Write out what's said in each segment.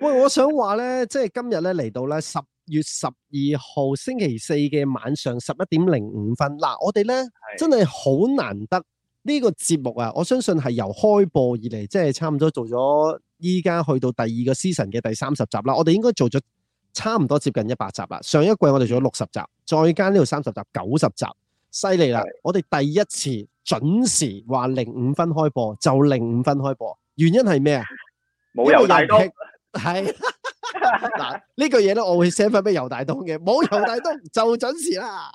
喂， 我想話呢，即係今日呢，嚟到十月十二號星期四嘅晚上十一點零五分。嗱，我哋呢，的真係好難得呢個節目啊！我相信係由開播以嚟，即係差唔多做咗。依家去到第二個 season 嘅第三十集啦，我哋應該做咗差唔多接近一百集啦。上一季我哋做咗六十集，再加呢度三十集，九十集，犀利啦！我哋第一次準時話零五分開播，就零五分開播，原因係咩啊？冇游大東，係嗱呢句嘢咧，我會寫翻俾游大東嘅，冇游大東就準時啦，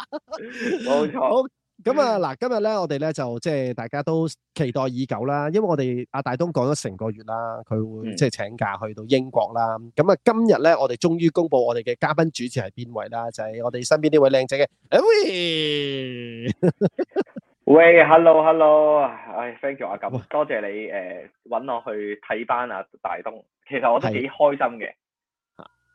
冇 錯。咁啊，嗱，今日咧，我哋咧就即係大家都期待已久啦，因為我哋阿大東講咗成個月啦，佢會即係請假去到英國啦。咁啊，今日咧，我哋終於公布我哋嘅嘉賓主持係邊位啦，就係我哋身邊呢位靚仔嘅。喂，喂，Hello，Hello，唉，thank you 啊，咁多謝你誒，揾我去睇班阿大東，其實我都幾開心嘅。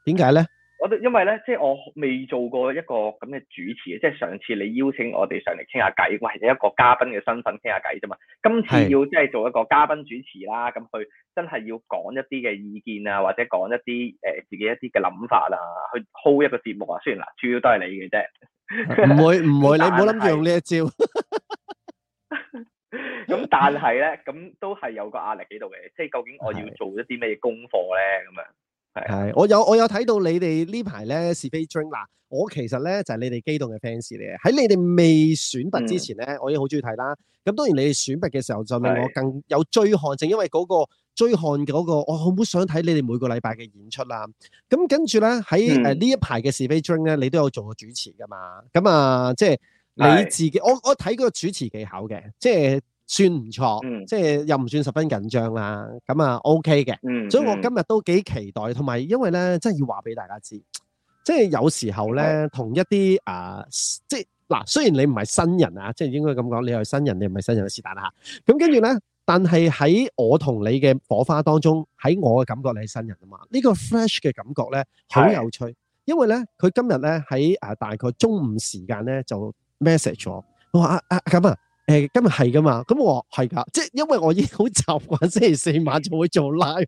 點解咧？我因為咧，即係我未做過一個咁嘅主持，即係上次你邀請我哋上嚟傾下偈，或者一個嘉賓嘅身份傾下偈啫嘛。今次要即係做一個嘉賓主持啦，咁佢真係要講一啲嘅意見啊，或者講一啲誒、呃、自己一啲嘅諗法啊，去 hold 一個節目啊，雖然嗱，主要都係你嘅啫。唔會唔會，唔會 你唔好諗住用 呢一招。咁但係咧，咁都係有個壓力喺度嘅，即係究竟我要做一啲咩功課咧？咁樣。係，我有我有睇到你哋呢排咧是非嗱，我其實咧就係、是、你哋機動嘅 fans 嚟嘅，喺你哋未選拔之前咧，嗯、我已經好中意睇啦。咁當然你哋選拔嘅時候就令我更有追看。正因為嗰、那個追看，嗰、那個，我好想睇你哋每個禮拜嘅演出啦。咁跟住咧喺誒呢、嗯、一排嘅是非追咧，你都有做過主持㗎嘛？咁啊，即係你自己，我我睇嗰個主持技巧嘅，即係。算唔錯，即係又唔算十分緊張啦。咁啊，OK 嘅，所以我今日都幾期待。同埋，因為咧，真係要話俾大家知，即係有時候咧，同一啲啊，即係嗱，雖然你唔係新人啊，即係應該咁講，你係新人，你唔係新人，是但啦嚇。咁跟住咧，但係喺我同你嘅火花當中，喺我嘅感覺，你係新人啊嘛。呢個 fresh 嘅感覺咧，好有趣。因為咧，佢今日咧喺啊大概中午時間咧就 message 咗我話啊啊咁啊。誒今日係㗎嘛？咁我係㗎，即係因為我已經好習慣星期四晚就會做 live。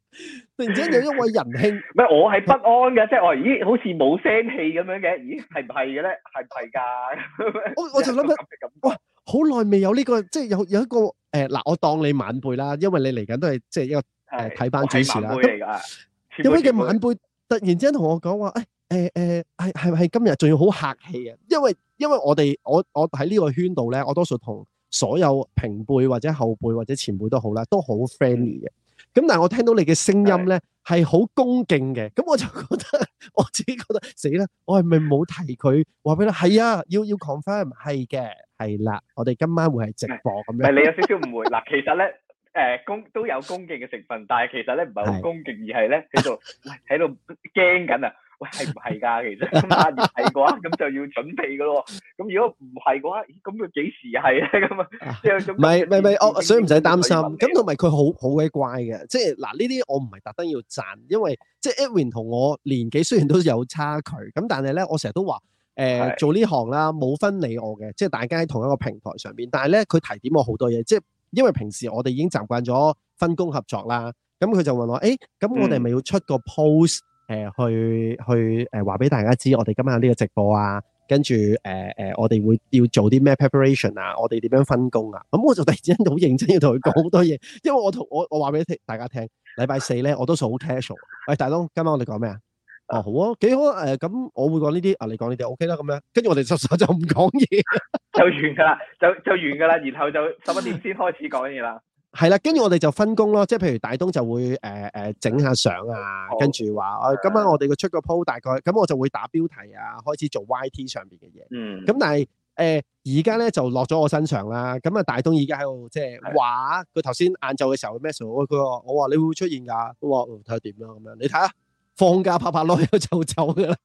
突然之間有一位仁兄，唔 係我係不安嘅，即 係、就係、我咦好似冇聲氣咁樣嘅，咦係唔係嘅咧？係唔係㗎？我我就諗緊，哇好耐未有呢、呢個，即係有有一個誒嗱、呃，我當你晚輩啦，因為你嚟緊都係即係一個誒睇、呃、班主持啦。有位嘅晚輩突然之間同我講話，誒誒誒係係係今日仲要好客氣啊，因為因為我哋我我喺呢個圈度咧，我多數同，所有平輩或者後輩或者前輩都好啦，都好 friendly 嘅。咁但係我聽到你嘅聲音咧，係好恭敬嘅。咁我就覺得我自己覺得死啦，我係咪冇提佢話俾你？係啊，要要 confirm 係嘅，係啦。我哋今晚會係直播咁樣。係你有少少誤會嗱， 其實咧誒恭都有恭敬嘅成分，但係其實咧唔係好恭敬，而係咧喺度喺度驚緊啊！喂，係唔係噶？其實，如果係嘅話，咁 就要準備嘅咯。咁如果唔係嘅話，咁佢幾時係咧？咁 啊，即係咁。唔係唔係唔係，所以唔使擔心。咁同埋佢好好鬼乖嘅，即係嗱呢啲我唔係特登要讚，因為即係 Edwin 同我年紀雖然都有差距，咁但係咧我成日都話，誒、呃、做呢行啦，冇分你我嘅，即係大家喺同一個平台上邊。但係咧佢提點我好多嘢，即係因為平時我哋已經習慣咗分工合作啦。咁佢就問我，誒、哎，咁我哋咪要出個 post？嗯誒、呃、去去誒話俾大家知，我哋今晚呢個直播啊，跟住誒誒我哋會要做啲咩 preparation 啊，我哋點樣分工啊？咁我就突然之間好認真要同佢講好多嘢， 因為我同我我話俾大家聽，禮拜四咧我都做好 casual。喂、哎，大東，今晚我哋講咩啊？哦，好啊，幾好、呃、啊？咁我會講呢啲，啊你講你哋 OK 啦，咁樣，跟住我哋實實就就唔講嘢，就完㗎啦，就就完㗎啦，然後就十一點先開始講嘢啦。 係啦，跟住我哋就分工咯，即係譬如大東就會誒誒整下相啊、哦，跟住話，我今晚我哋個出個鋪大概，咁我就會打標題啊，開始做 YT 上邊嘅嘢。嗯，咁但係誒而家咧就落咗我身上啦，咁啊大東而家喺度即係話佢頭先晏晝嘅時候 m 咩我，佢話我話你會出現噶，佢話睇下點啦咁樣，你睇啊，放假拍拍落就走噶啦。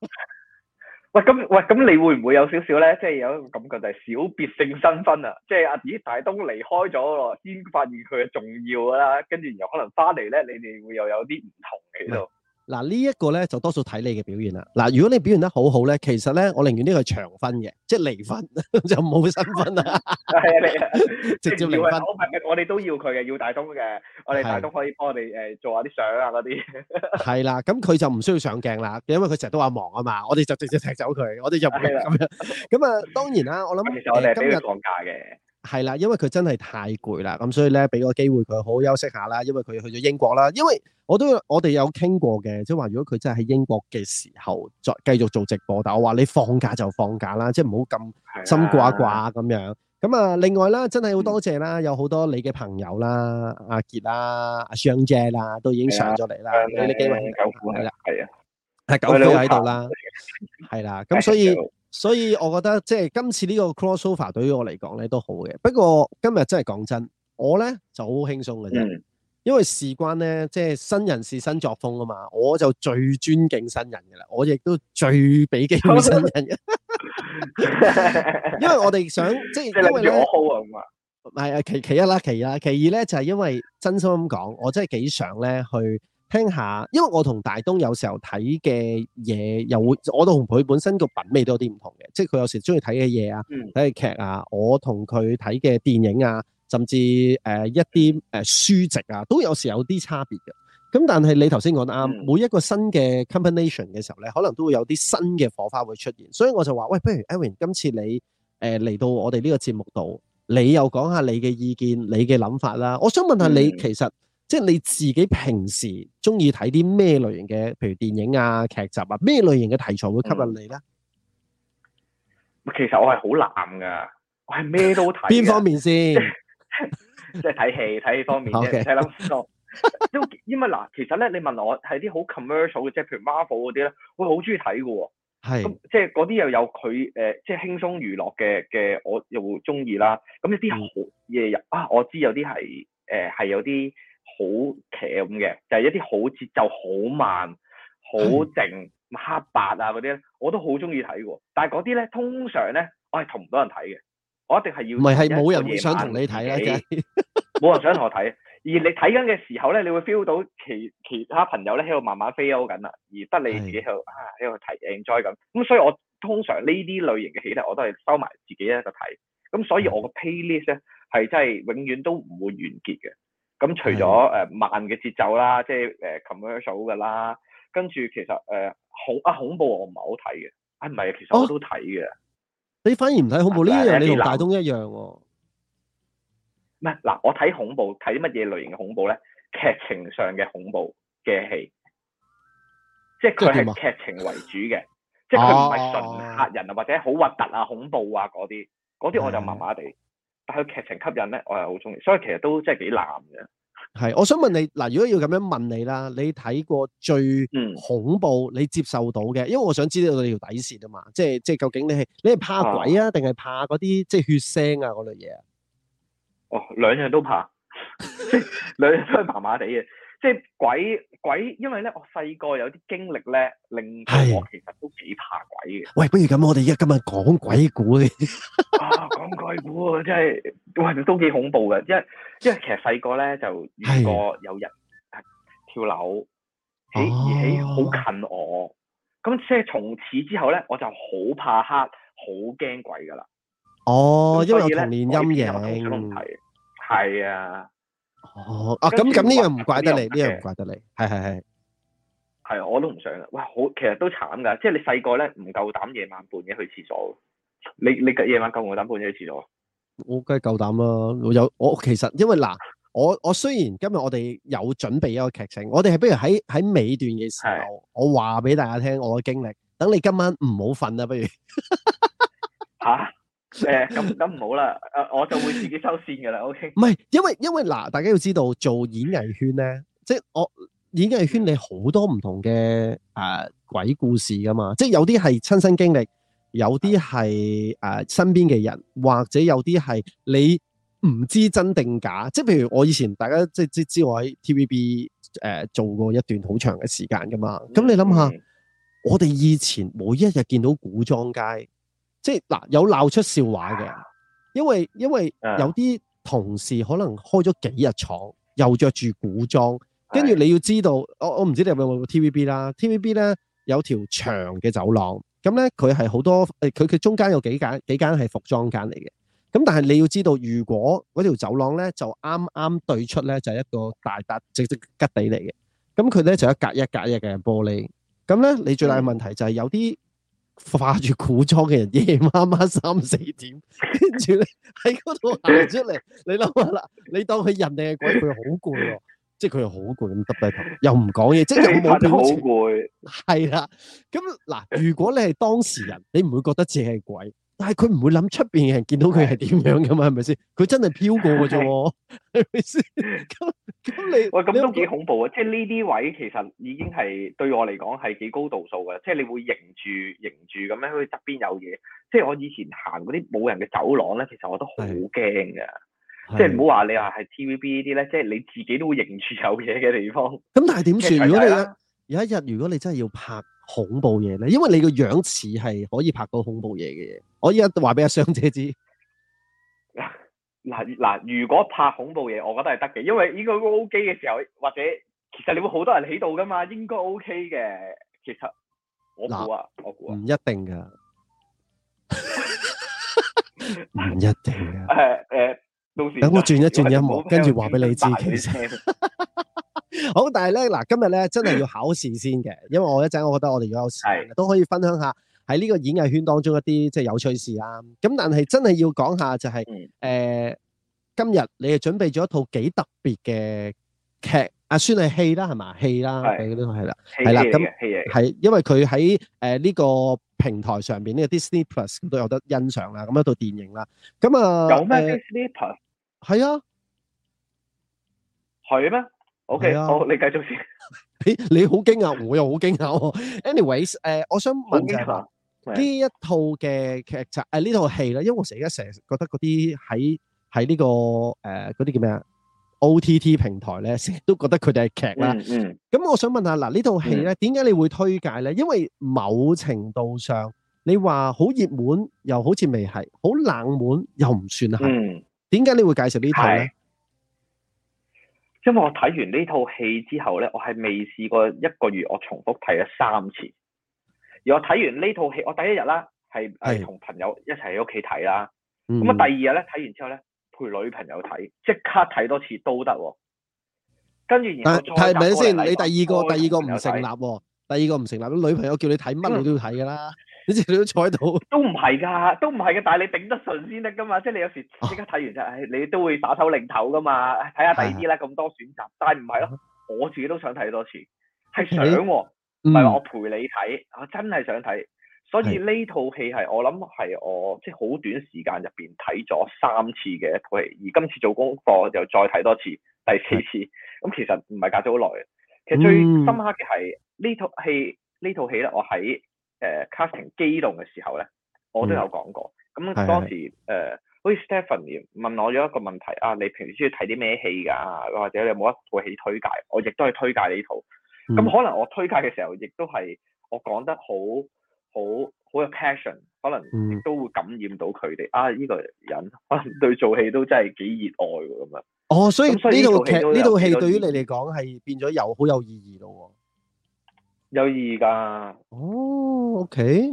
喂，咁喂，咁你會唔會有少少咧？即係有一個感覺就係小別勝新婚啊！即係阿子大東離開咗咯，先發現佢嘅重要噶啦，跟住然後可能翻嚟咧，你哋會又有啲唔同喺度。嗯。嗱、這個、呢一個咧就多數睇你嘅表現啦。嗱，如果你表現得很好好咧，其實咧我寧願呢個係長婚嘅，即離婚呵呵就冇新婚啦。係啊，直接離婚。我哋都要佢嘅，要大東嘅。我哋大東可以幫我哋誒做下啲相啊嗰啲。係啦，咁佢就唔需要上鏡啦，因為佢成日都話忙啊嘛。我哋就直接踢走佢，我哋入去就咁樣。咁啊，當然啦，我諗誒今日放假嘅。係啦，因為佢真係太攰啦，咁所以咧俾個機會佢好好休息下啦，因為佢去咗英國啦。因為我都我哋有傾過嘅，即係話如果佢真係喺英國嘅時候再繼續做直播，但我話你放假就放假啦，即係唔好咁心掛掛咁樣。咁啊，另外啦，真係好多謝啦，有好多你嘅朋友啦，嗯，阿杰啦、阿雙姐啦，都已經上咗嚟啦，俾你機會。係啦，係啊，係九虎喺度啦，係啦，咁 所以。所以我覺得即係今次呢個 cross over 對於我嚟講咧都好嘅。不過今日真係講真，我咧就好輕鬆嘅啫、嗯，因為事關咧即係新人事新作風啊嘛。我就最尊敬新人嘅啦，我亦都最俾機會新人嘅。 因為我哋想即係因為攞好啊嘛。唔係啊，其其一啦，其二啦，其二咧就係、是、因為真心咁講，我真係幾想咧去，聽下，因為我同大東有時候睇嘅嘢又會，我都同佢本身個品味都有啲唔同嘅，即係佢有時中意睇嘅嘢啊，睇嘅劇啊，我同佢睇嘅電影啊，甚至誒、呃、一啲誒書籍啊，都有時有啲差別嘅。咁但係你頭先講得啱，每一個新嘅 combination 嘅時候咧，可能都會有啲新嘅火花會出現。所以我就話，喂，不如 Edwin 今次你誒嚟、呃、到我哋呢個節目度，你又講下你嘅意見、你嘅諗法啦。我想問下你、嗯、其實。即係你自己平時中意睇啲咩類型嘅，譬如電影啊、劇集啊，咩類型嘅題材會吸引你咧、嗯？其實我係好濫噶，我係咩都睇邊 方面先？即係睇戲睇戲方面嘅睇諗多都因為嗱，其實咧你問我係啲好 commercial 嘅，即係譬如 Marvel 嗰啲咧，會好中意睇嘅喎。即係嗰啲又有佢誒，即係輕鬆娛樂嘅嘅，我又會中意啦。咁有啲好嘢啊，我知有啲係誒係有啲。.好劇咁嘅，就係、是、一啲好節奏好慢、好靜、黑白啊嗰啲咧，我都好中意睇喎。但係嗰啲咧，通常咧，我係同唔到人睇嘅。我一定係要，唔係冇人會想同你睇啊？冇 人想同我睇。而你睇緊嘅時候咧，你會 feel 到其其他朋友咧喺度慢慢 fail 緊啦，而得你自己喺度啊喺度睇 enjoy 緊。咁所以我通常呢啲類型嘅戲呢，我都係收埋自己一個睇。咁所以我嘅 playlist 咧係真係永遠都唔會完結嘅。咁、嗯、除咗誒慢嘅節奏啦，即係誒 commercial 噶啦，跟住其實誒、呃、恐啊恐怖我唔係好睇嘅，啊唔係其實我都睇嘅，你反而唔睇恐怖呢樣，你同大東一樣喎。唔係嗱，我睇恐怖睇乜嘢類型嘅恐怖咧？劇情上嘅恐怖嘅戲，即係佢係劇情為主嘅，即係佢唔係純嚇人啊，或者好核突啊、恐怖啊嗰啲，嗰啲我就麻麻地。佢劇情吸引咧，我係好中意，所以其實都真係幾難嘅。係，我想問你嗱，如果要咁樣問你啦，你睇過最恐怖你接受到嘅、嗯？因為我想知道你條底線啊嘛。即係即係究竟你係你係怕鬼啊，定、啊、係怕嗰啲即係血腥啊嗰類嘢啊？哦，兩樣都怕， 兩樣都麻麻地嘅。即、係鬼鬼，因為咧我細個有啲經歷咧，令到我其實都幾怕鬼嘅。喂，不如咁，我哋而家今日講鬼故。 啊，講鬼故真係，喂都幾恐怖嘅。一因為其實細個咧就遇過有人跳樓，喺而喺好近我，咁即係從此之後咧，我就好怕黑，好驚鬼噶啦。哦，所以所以因為有童年陰影。係啊。哦，啊，咁咁呢樣唔怪得你，呢樣唔怪得你，係係係，係我都唔想啦。哇，好，其實都慘噶，即係你細個咧唔夠膽夜晚半夜去廁所。你你夜晚夠唔夠膽半夜去廁所？我梗係夠膽啦，我有我其實因為嗱，我我雖然今日我哋有準備一個劇情，我哋係不如喺喺尾段嘅時候，我話俾大家聽我嘅經歷。等你今晚唔好瞓啦，不如 啊。誒、 呃，咁咁唔好啦，誒，我就會自己收線噶啦，OK。唔係，因為因為嗱，大家要知道做演藝圈咧，即係我演藝圈，你好多唔同嘅誒鬼故事噶嘛，即係有啲係親身經歷，有啲係誒身邊嘅人，或者有啲係你唔知真定假，即係譬如我以前大家即係知知我喺 TVB 誒、呃、做過一段好長嘅時間噶嘛，咁、嗯、你諗下，嗯、我哋以前每一日見到古裝街。即係嗱，有鬧出笑話嘅，因為因為有啲同事可能開咗幾日廠，又着住古裝，跟住你要知道，我我唔知你有冇個 TVB 啦，TVB 咧有條長嘅走廊，咁咧佢係好多誒，佢佢中間有幾間幾間係服裝間嚟嘅，咁但係你要知道，如果嗰條走廊咧就啱啱對出咧就係、係、一個大笪直直吉地嚟嘅，咁佢咧就一隔一隔一嘅玻璃，咁咧你最大嘅問題就係有啲，嗯化住古裝嘅人，夜媽媽三四點，跟住咧喺嗰度行出嚟，你諗下啦，你當佢人定係鬼，佢好攰喎，即係佢又好攰，咁耷低頭，又唔講嘢，即係冇表情，好攰，係啦。咁嗱，如果你係當事人，你唔會覺得自己係鬼？但係佢唔會諗出邊嘅人見到佢係點樣噶嘛，係咪先？佢真係飄過嘅啫，係咪先？咁 你喂咁都幾恐怖啊！即係呢啲位其實已經係對我嚟講係幾高度數嘅，即係你會迎住迎住咁樣，去側邊有嘢。即係我以前行嗰啲冇人嘅走廊咧，其實我都好驚噶。即係唔好話你話係 TVB 呢啲咧，即係你自己都會迎住有嘢嘅地方。咁但係點算？如果你有一日，如果你真係要拍。恐怖嘢咧，因為你個樣似係可以拍到恐怖嘢嘅嘢。我依家話俾阿雙姐知，嗱嗱，如果拍恐怖嘢，我覺得係得嘅，因為呢個 O K 嘅時候，或者其實你會好多人喺度噶嘛，應該 O K 嘅。其實我估啊，我估唔一定噶，唔 一定噶。誒 誒、呃，到時等我轉一轉音樂，跟住話俾你知先。好，但係咧嗱，今日咧真係要考試先嘅， 因為我一陣，我覺得我哋如果有時間都可以分享一下喺呢個演藝圈當中一啲即係有趣事啦、啊。咁但係真係要講下就係、是，誒、嗯呃，今日你誒準備咗一套幾特別嘅劇，阿、啊、算係戲啦係嘛，戲啦，係啦，係啦，咁係因為佢喺誒呢個平台上邊呢、這個《Disney Plus》都有得欣賞啦，咁一套電影啦，咁啊、呃，有咩《Disney》係啊，係咩？O K 啊，好，你繼續先。誒，你好驚訝，我又好驚訝。Anyways，誒，我想問一下呢一套嘅劇集，誒呢套戲咧，因為我成日成覺得嗰啲喺喺呢個誒嗰啲叫咩啊 O T T 平台咧，成日都覺得佢哋係劇啦。嗯。咁我想問下，嗱呢套戲咧，點解你會推介咧？因為某程度上，你話好熱門又好似未係，好冷門又唔算係。嗯。點解你會介紹呢套咧？因為我睇完呢套戲之後咧，我係未試過一個月我重複睇咗三次。而我睇完呢套戲，我第一日啦係係同朋友一齊喺屋企睇啦。咁啊第二日咧睇完之後咧，陪女朋友睇，即刻睇多次都得。跟住，但係明唔明先？你第二個第二個唔成立喎，第二個唔成，成立。女朋友叫你睇乜，你都要睇㗎啦。嗯你成日都坐喺度，都唔係噶，都唔係嘅。但係你頂得順先得噶嘛？即係你有時即刻睇完就，唉、啊，你都會打手擰頭噶嘛？睇下第二啲啦，咁多選擇，但係唔係咯。我自己都想睇多次，係想，唔係話我陪你睇，我真係想睇。所以呢套戲係我諗係我即係好短時間入邊睇咗三次嘅一套戲，而今次做功課又再睇多次，第四次。咁、嗯、其實唔係隔咗好耐。其實最深刻嘅係、嗯、呢套戲，呢套戲咧，我喺。誒、呃、casting 激動嘅時候咧，我都有講過。咁、嗯、當時誒、呃，好似 Stephanie 問我咗一個問題啊，你平時中意睇啲咩戲㗎？或者你有冇一套戲推介？我亦都係推介呢套。咁、嗯、可能我推介嘅時候，亦都係我講得好好好有 passion，可能亦都會感染到佢哋、嗯、啊！呢、這個人可能對做戲都真係幾熱愛㗎咁樣。哦，所以呢套劇呢套戲對於你嚟講係變咗有好有意義咯。有意義㗎。哦，OK。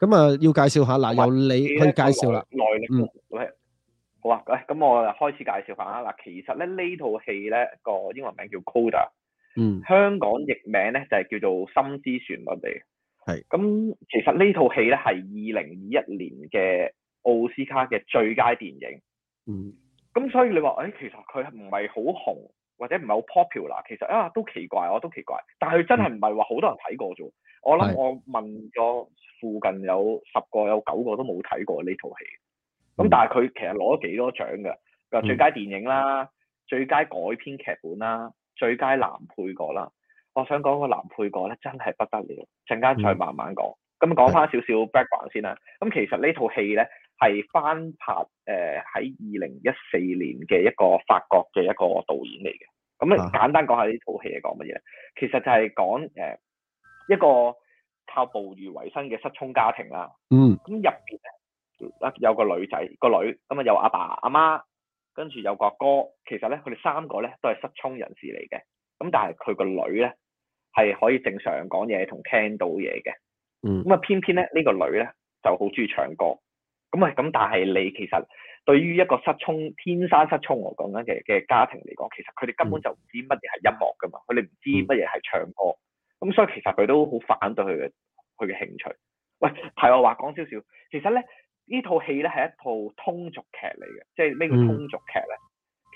咁啊，要介紹下嗱，由你去介紹啦。內力、嗯，好啊，咁，咁我就開始介紹下啦。嗱，其實咧呢套戲咧個英文名叫《Coda》，嗯，香港譯名咧就係、是、叫做《心之旋律》嚟。係。咁其實呢套戲咧係二零二一年嘅奧斯卡嘅最佳電影。嗯。咁所以你話，誒，其實佢唔係好紅。或者唔係好 popular，其實啊都奇怪，我、啊、都奇怪，但係佢真係唔係話好多人睇過啫。我諗我問咗附近有十個，有九個都冇睇過呢套戲。咁、嗯嗯、但係佢其實攞咗幾多獎㗎？又最佳電影啦，嗯、最佳改編劇本啦，最佳男配角啦。我想講個男配角咧真係不得了，陣間再慢慢講。咁講翻少少 background 先啦。咁、嗯、其實這呢套戲咧。係翻拍，誒喺二零一四年嘅一個法國嘅一個導演嚟嘅，咁、嗯、啊簡單講下呢套戲係講乜嘢？其實就係講誒一個靠捕魚為生嘅失聰家庭啦。嗯。咁入邊啊有個女仔，個女，咁啊有阿爸阿媽，跟住有個哥哥。其實咧佢哋三個咧都係失聰人士嚟嘅，咁但係佢個女咧係可以正常講嘢同聽到嘢嘅。嗯。咁啊偏偏咧呢個女咧就好中意唱歌。咁、嗯、啊，咁但係你其實對於一個失聰天生失聰我講緊嘅嘅家庭嚟講，其實佢哋根本就唔知乜嘢係音樂噶嘛，佢哋唔知乜嘢係唱歌，咁、嗯嗯、所以其實佢都好反對佢嘅佢嘅興趣。喂，係我話講少少，其實咧呢套戲咧係一套通俗劇嚟嘅，即係咩叫通俗劇咧、嗯？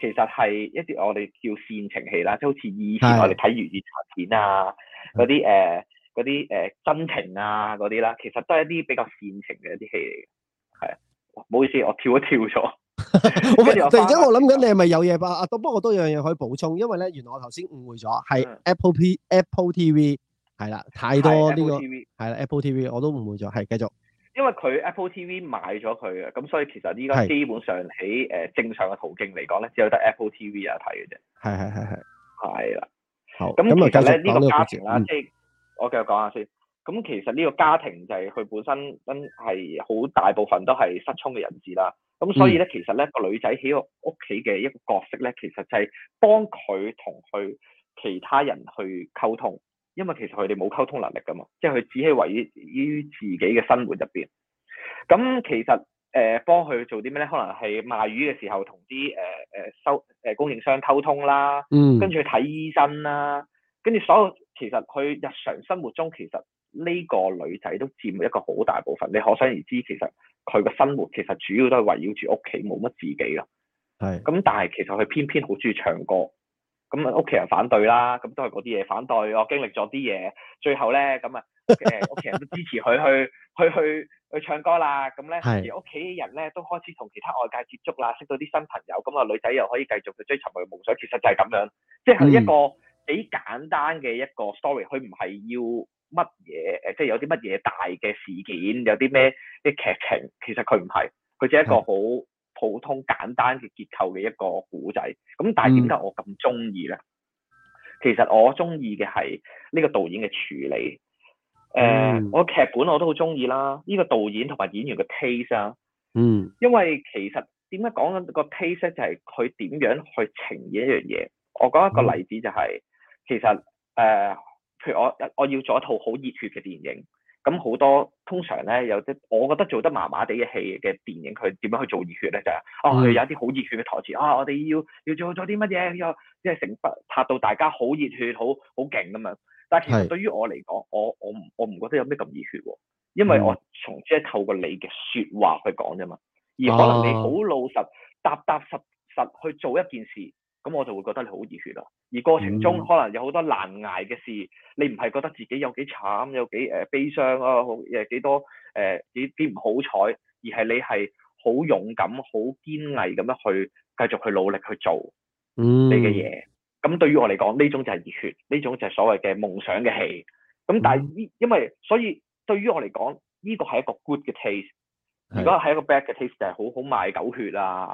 其實係一啲我哋叫煽情戲啦，即好似以前我哋睇粵語片啊，嗰啲誒嗰啲誒真情啊嗰啲啦，其實都係一啲比較煽情嘅一啲戲嚟嘅。唔好意思，我跳一跳咗。 突然之間我諗緊 你係咪有嘢吧？啊， 不過我都有樣嘢可以補充，因為咧原來我頭先誤會咗係 Apple P、嗯、Apple TV 係啦，太多呢、這個係啦 Apple, Apple TV，我都誤會咗，係繼續。因為佢 Apple TV 買咗佢嘅，咁所以其實而家基本上喺誒正常嘅途徑嚟講咧，只有得 Apple TV 啊睇嘅啫。係係係係係啦。好，咁其實咧呢個,、這個價錢啦，即、嗯、係我繼續講下先。咁其實呢個家庭就係佢本身真係好大部分都係失聰嘅人士啦。咁所以咧、嗯，其實咧、這個女仔喺屋屋企嘅一個角色咧，其實就係幫佢同佢其他人去溝通，因為其實佢哋冇溝通能力噶嘛，即係佢只係位於自己嘅生活入邊。咁其實誒幫佢做啲咩咧？可能係賣魚嘅時候同啲誒收誒、呃、供應商溝通啦，嗯、跟住去睇醫生啦，跟住所有其實佢日常生活中其實。呢個女仔都佔一個好大部分，你可想而知，其實佢個生活其實主要都係圍繞住屋企，冇乜自己咯。係。咁但係其實佢偏偏好鍾意唱歌，咁啊屋企人反對啦，咁都係嗰啲嘢反對了。我經歷咗啲嘢，最後咧咁啊，屋企人都支持佢去 去去去，去唱歌啦。咁咧而屋企人咧都開始同其他外界接觸啦，識到啲新朋友，咁啊女仔又可以繼續去追尋佢夢想。其實就係咁樣，即係一個幾簡單嘅一個 story。佢唔係要。乜嘢誒，即係有啲乜嘢大嘅事件，有啲咩啲劇情，其實佢唔係，佢只係一個好普通簡單嘅結構嘅一個古仔。咁但係點解我咁中意咧？其實我中意嘅係呢個導演嘅處理。誒、嗯呃，我劇本我都好中意啦。呢個導演同埋演員嘅 taste 啊，嗯，因為其實點解講緊個 taste 咧，就係佢點樣去呈現一樣嘢。我講一個例子就係、是嗯，其實誒。呃譬如我，我要做一套好熱血嘅電影，咁好多通常咧有啲，我覺得做得麻麻地嘅戲嘅電影，佢點樣去做熱血咧？就係、是嗯、哦，佢有一啲好熱血嘅台詞，啊，我哋要要做咗啲乜嘢，又即係成班拍到大家好熱血，好好勁咁樣！但係其實對於我嚟講，我我唔我唔覺得有咩咁熱血喎，因為我從即係透過你嘅説話去講啫嘛，而可能你好老實踏踏、哦、實實去做一件事。咁我就會覺得你好熱血啊！而過程中、嗯、可能有好多難捱嘅事，你唔係覺得自己有幾慘，有幾誒悲傷啊，好誒幾多誒幾幾唔好彩，而係你係好勇敢、好堅毅咁樣去繼續去努力去做你嘅嘢。咁、嗯、對於我嚟講，呢種就係熱血，呢種就係所謂嘅夢想嘅戲。咁但係呢、嗯、因為所以對於我來，對於我嚟講，呢個係一個 good 嘅 case。如果係一個 bad 嘅 taste 就係好好賣狗血啊，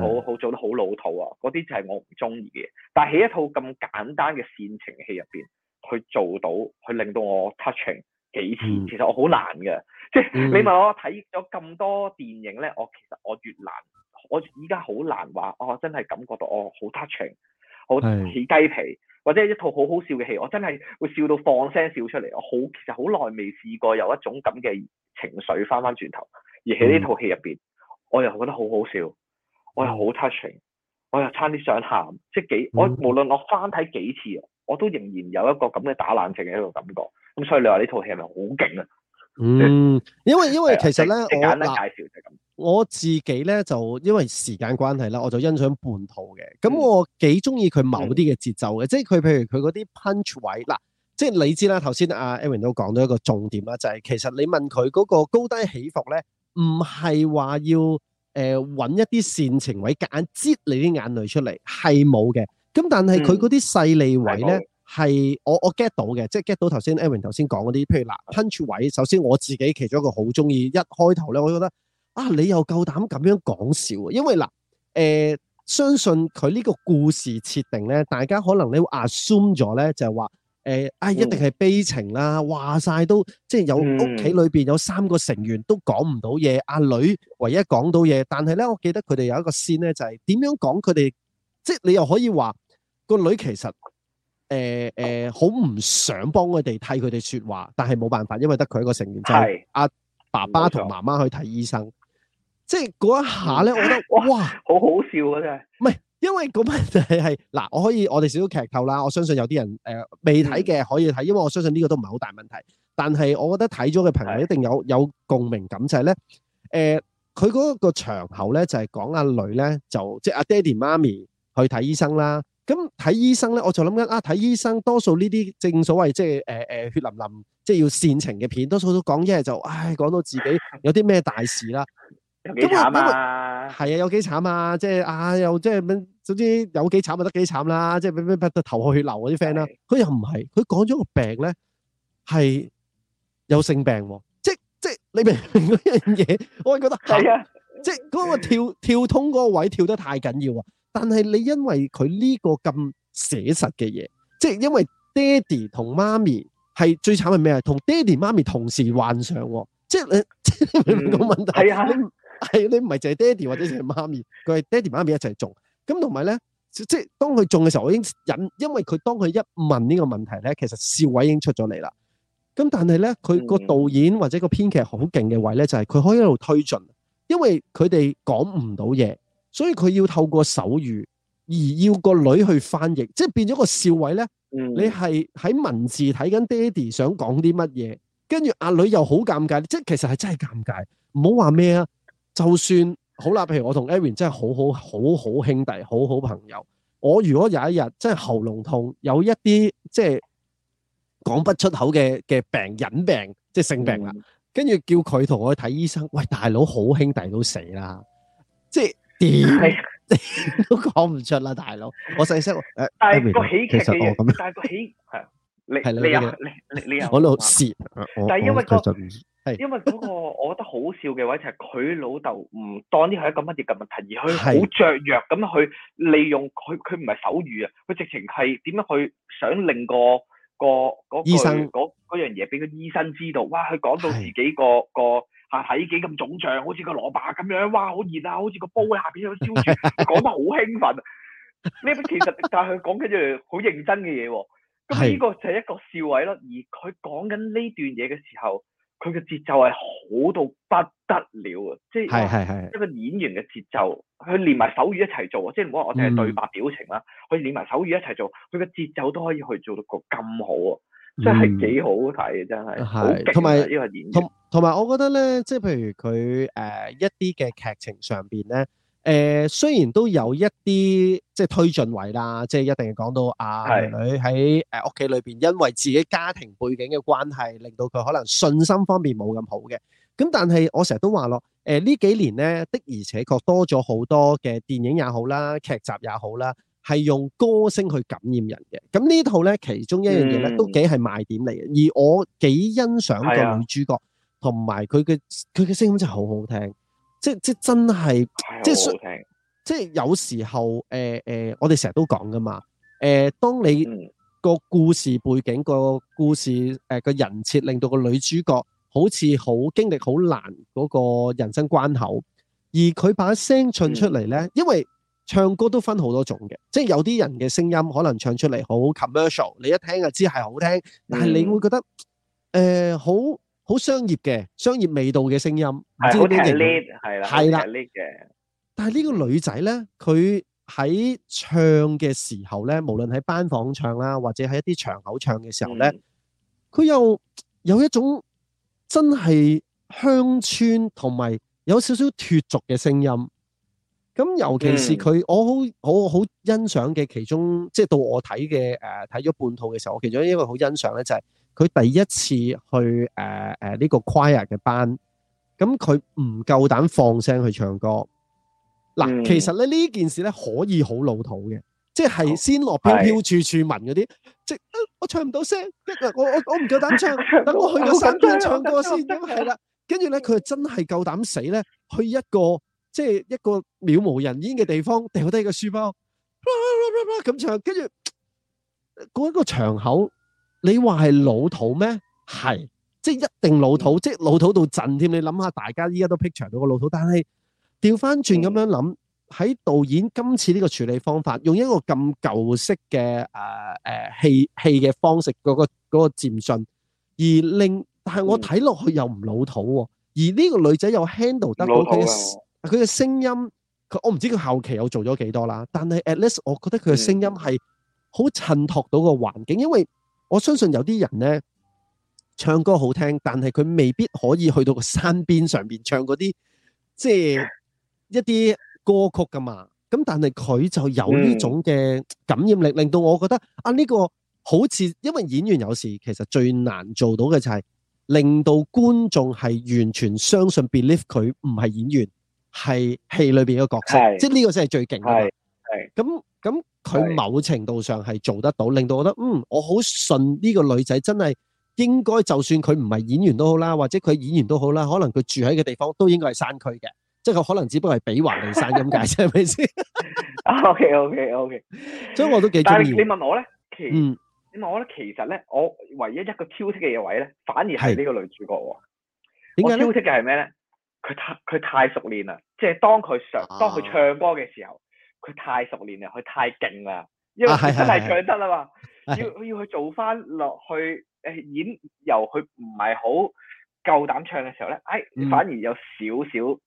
好好做得好老土啊，嗰啲就係我唔中意嘅。但係喺一套咁簡單嘅煽情戲入面，去做到去令到我 touching 幾次，嗯、其實我好難嘅、嗯。即係你問我睇咗咁多電影咧，我其實我越難，我依家好難話，我真係感覺到我好 touching，好起雞皮、嗯，或者一套好好笑嘅戲，我真係會笑到放聲笑出嚟。我好其實好耐未試過有一種咁嘅情緒翻翻轉頭。而喺呢套戲入邊，我又覺得好好笑，嗯、我又好 touching、嗯、我又差啲想喊，即係幾我無論我翻睇幾次，我都仍然有一個咁嘅打冷靜嘅一個感覺。咁所以你話呢套戲係咪好勁啊？嗯，就是、因為因為其實咧，我簡單介紹就係咁。我自己咧就因為時間關係啦，我就欣賞半套嘅。咁、嗯、我幾中意佢某啲嘅節奏嘅，即係佢譬如佢嗰啲 punch 位嗱，即係你知啦。頭先阿 Aaron 都講到一個重點啦，就係、是、其實你問佢嗰個高低起伏咧。唔係話要誒揾、呃、一啲煽情位，夾硬擠你啲眼淚出嚟，係冇嘅。咁但係佢嗰啲細膩位咧，係、嗯、我我 get 到嘅，即係 get 到頭先 Edwin 頭先講嗰啲。譬如嗱，punch 位，首先我自己其中一個好中意一開頭咧，我覺得啊，你又夠膽咁樣講笑？因為嗱，誒、呃、相信佢呢個故事設定咧，大家可能你會 assume 咗咧，就係話。誒、欸、啊、哎！一定係悲情啦，話、嗯、晒都即係有屋企裏邊有三個成員都講唔到嘢，阿、嗯啊、女唯一講到嘢，但係咧，我記得佢哋有一個 scene 咧，就係、是、點樣講佢哋，即係你又可以話個女其實誒誒好唔想幫佢哋替佢哋説話，但係冇辦法，因為得佢一個成員就係阿爸爸同媽媽去睇醫生，即係嗰一下咧，我覺得哇，好好笑啊，真係。因為係嗱，我可以我哋少少劇透啦。我相信有啲人誒、呃、未睇嘅可以睇，因為我相信呢個都唔係好大問題。但係我覺得睇咗嘅朋友一定有有共鳴感就係、是、咧，誒、呃，佢嗰個場口咧就係、是、講阿女咧就即係阿爹哋媽咪去睇醫生啦。咁睇醫生咧，我就諗緊啊，睇醫生多數呢啲正所謂即係誒誒血淋淋，即、就、係、是、要煽情嘅片，多數都講一係就唉，講到自己有啲咩大事啦。咁啊，係啊，有幾慘啊，即係啊，又即係咁，總之有幾慘咪得幾慘啦，即係咩咩咩頭破血流嗰啲 friend 啦。佢又唔係，佢講咗個病咧係有性病喎，即即你明唔明一樣嘢？我係覺得係啊，即係嗰個跳跳通嗰個位跳得太緊要啊。但係你因為佢呢個咁寫實嘅嘢，即係因為爹哋同媽咪係最慘係咩啊？同爹哋媽咪同時患上，即係你即係你明唔明個問題？係啊。係你唔係淨係爹哋或者淨係媽咪，佢係爹哋媽咪一齊做，咁同埋咧，即係當佢做嘅時候，我已經忍，因為佢當佢一問呢個問題咧，其實笑位已經出咗嚟啦。咁但係咧，佢個導演或者個編劇好勁嘅位咧，就係、是、佢可以一路推進，因為佢哋講唔到嘢，所以佢要透過手語，而要個女去翻譯，即係變咗個笑位咧，嗯、你係喺文字睇緊爹哋想講啲乜嘢，跟住阿女又好尷尬，即係其實係真係尷尬，唔好話咩啊。就算好啦，譬如我同 Edwin 真係好好好，好好兄弟，好好朋友。我如果有一日真係喉嚨痛，有一啲即係講不出口嘅嘅病隱病，即係性病啦，嗯、跟住叫佢同我去睇醫生。喂，大佬好兄弟都死啦，即係點都講唔出啦，大佬。我細聲誒，但係個喜劇嘅，其實我咁樣但個喜係。你你又，啊、你你你又我老是，但係因為，那個係因為嗰，那個，的因為那個， 我覺得好笑嘅位就係佢老豆唔當呢個係一個咁乜嘢嘅問題，而佢好雀躍，咁去利用佢佢唔係手語啊，佢直情係點樣去想令，那個，那個嗰個嗰樣嘢俾個醫生知道，哇！佢講到自己個個下體幾咁腫脹，好似個蘿蔔咁樣，哇！好熱啊，好似個煲喺下邊都燒住，講 得好興奮。呢啲其實但係佢講緊樣好認真嘅嘢喎。咁呢個就係一個笑位啦。而佢講緊呢段嘢嘅時候，佢嘅節奏係好到不得了啊！即係一個演員嘅節奏，佢連埋手語一齊做啊！即係唔好話我哋係對白表情啦，佢連埋手語一齊做，佢、嗯、嘅節奏都可以去做到個咁好啊！即係幾好睇，真係。係。同埋呢、呢個演員、同同埋，我覺得咧，即係譬如佢誒、呃、一啲嘅劇情上邊咧。呃，雖然都有一啲，即係，推進位啦，即係，一定講到阿女，呃，喺屋企裏面，因為自己家庭背景嘅關係，令到佢可能信心方面冇咁好嘅。咁，但係，我成日都話囉，即，即真係，即係即，即有時候、呃呃、我哋成日都講㗎嘛誒、呃，當你個故事背景個、嗯、故事誒個、呃、人設令到個女主角好似好經歷好難嗰個人生關口，而佢把聲唱出嚟呢、嗯，因為唱歌都分好多種嘅，即有啲人嘅聲音可能唱出嚟好 commercial，你一聽就知係好聽，但係你會覺得好，嗯呃好商業嘅商業味道嘅聲音，唔知呢啲型。係啦，係啦。係啦。但係呢個女仔咧，佢喺唱嘅時候咧，無論喺班房唱啦，或者喺一啲場口唱嘅時候咧，佢、嗯、又有一種真係鄉村同埋有少少脫俗嘅聲音。咁尤其是佢、嗯，我好好好欣賞嘅其中，即係到我睇嘅誒睇咗半套嘅時候，我其中一個好欣賞咧就係、是。佢第一次去誒誒呢個 choir 嘅班，咁佢唔夠膽放聲去唱歌。嗱、嗯，其實咧呢件事咧可以好老土嘅，即係先落飄飄處處聞嗰啲，即、啊、我唱唔到聲，我我我唔夠膽唱，等我去個山邊唱歌先。咁係啦，跟住咧佢真係夠膽死咧，去一個即係一個渺無人煙嘅地方，掉低一個書包咁唱，跟住嗰一個場口。你話係老土咩？係，即係一定老土，嗯、即係老土到震添。你諗下，大家依家都 picture 到個老土。但係調翻轉咁樣諗，喺、嗯、導演今次呢個處理方法，用一個咁舊式嘅誒誒戲戲嘅方式，嗰、嗰個嗰、嗰個漸進，而令但係我睇落去又唔老土，嗯、而呢個女仔又 handle 得到佢嘅佢嘅聲音，我唔知佢後期又做咗幾多啦。但係 at least，我覺得佢嘅聲音係好襯托到個環境，因為，我相信有啲人呢，唱歌好聽，但係佢未必可以去到個山邊上邊唱嗰啲，即係一啲歌曲噶嘛。咁但係佢就有呢種嘅感染力、嗯，令到我覺得啊呢、這個好似因為演員有時其實最難做到嘅就係、是、令到觀眾係完全相信 believe 佢唔係演員，係戲裏邊嘅角色，即係呢個先係最勁係咁咁。佢某程度上係做得到，令到我覺得嗯，我好信呢個女仔真係應該，就算佢唔係演員都好啦，或者佢演員都好啦，可能佢住喺嘅地方都應該係山區嘅，即係佢可能只不過係比華利山咁解啫，係咪先？OK OK OK，所以我都幾中意。你問我咧，其你問我咧，其實咧，我唯一一個挑剔嘅位咧，反而係呢個女主角喎。點解？我挑剔嘅係咩咧？佢太佢太熟練啦，即係當佢唱、啊、當佢唱歌嘅時候。佢太熟練啦，佢太勁啦，因為真係唱得啦嘛。啊、要佢要去做翻落去誒演，由佢唔係好夠膽唱嘅時候咧，誒、哎嗯、反而有少少誒、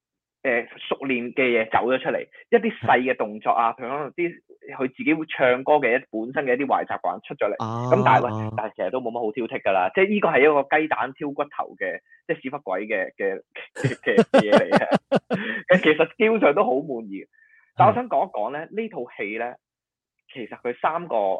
呃、熟練嘅嘢走咗出嚟，一啲細嘅動作啊，譬如可能啲佢自己會唱歌嘅一本身嘅一啲壞習慣出咗嚟。咁但係喂，但係其實都冇乜好挑剔噶啦，即係呢個係一個雞蛋挑骨頭嘅，即係屎忽鬼嘅嘅嘅嘢嚟嘅。 其實基本上都好滿意。但我想講一講咧，呢套戲咧，其實佢三個誒誒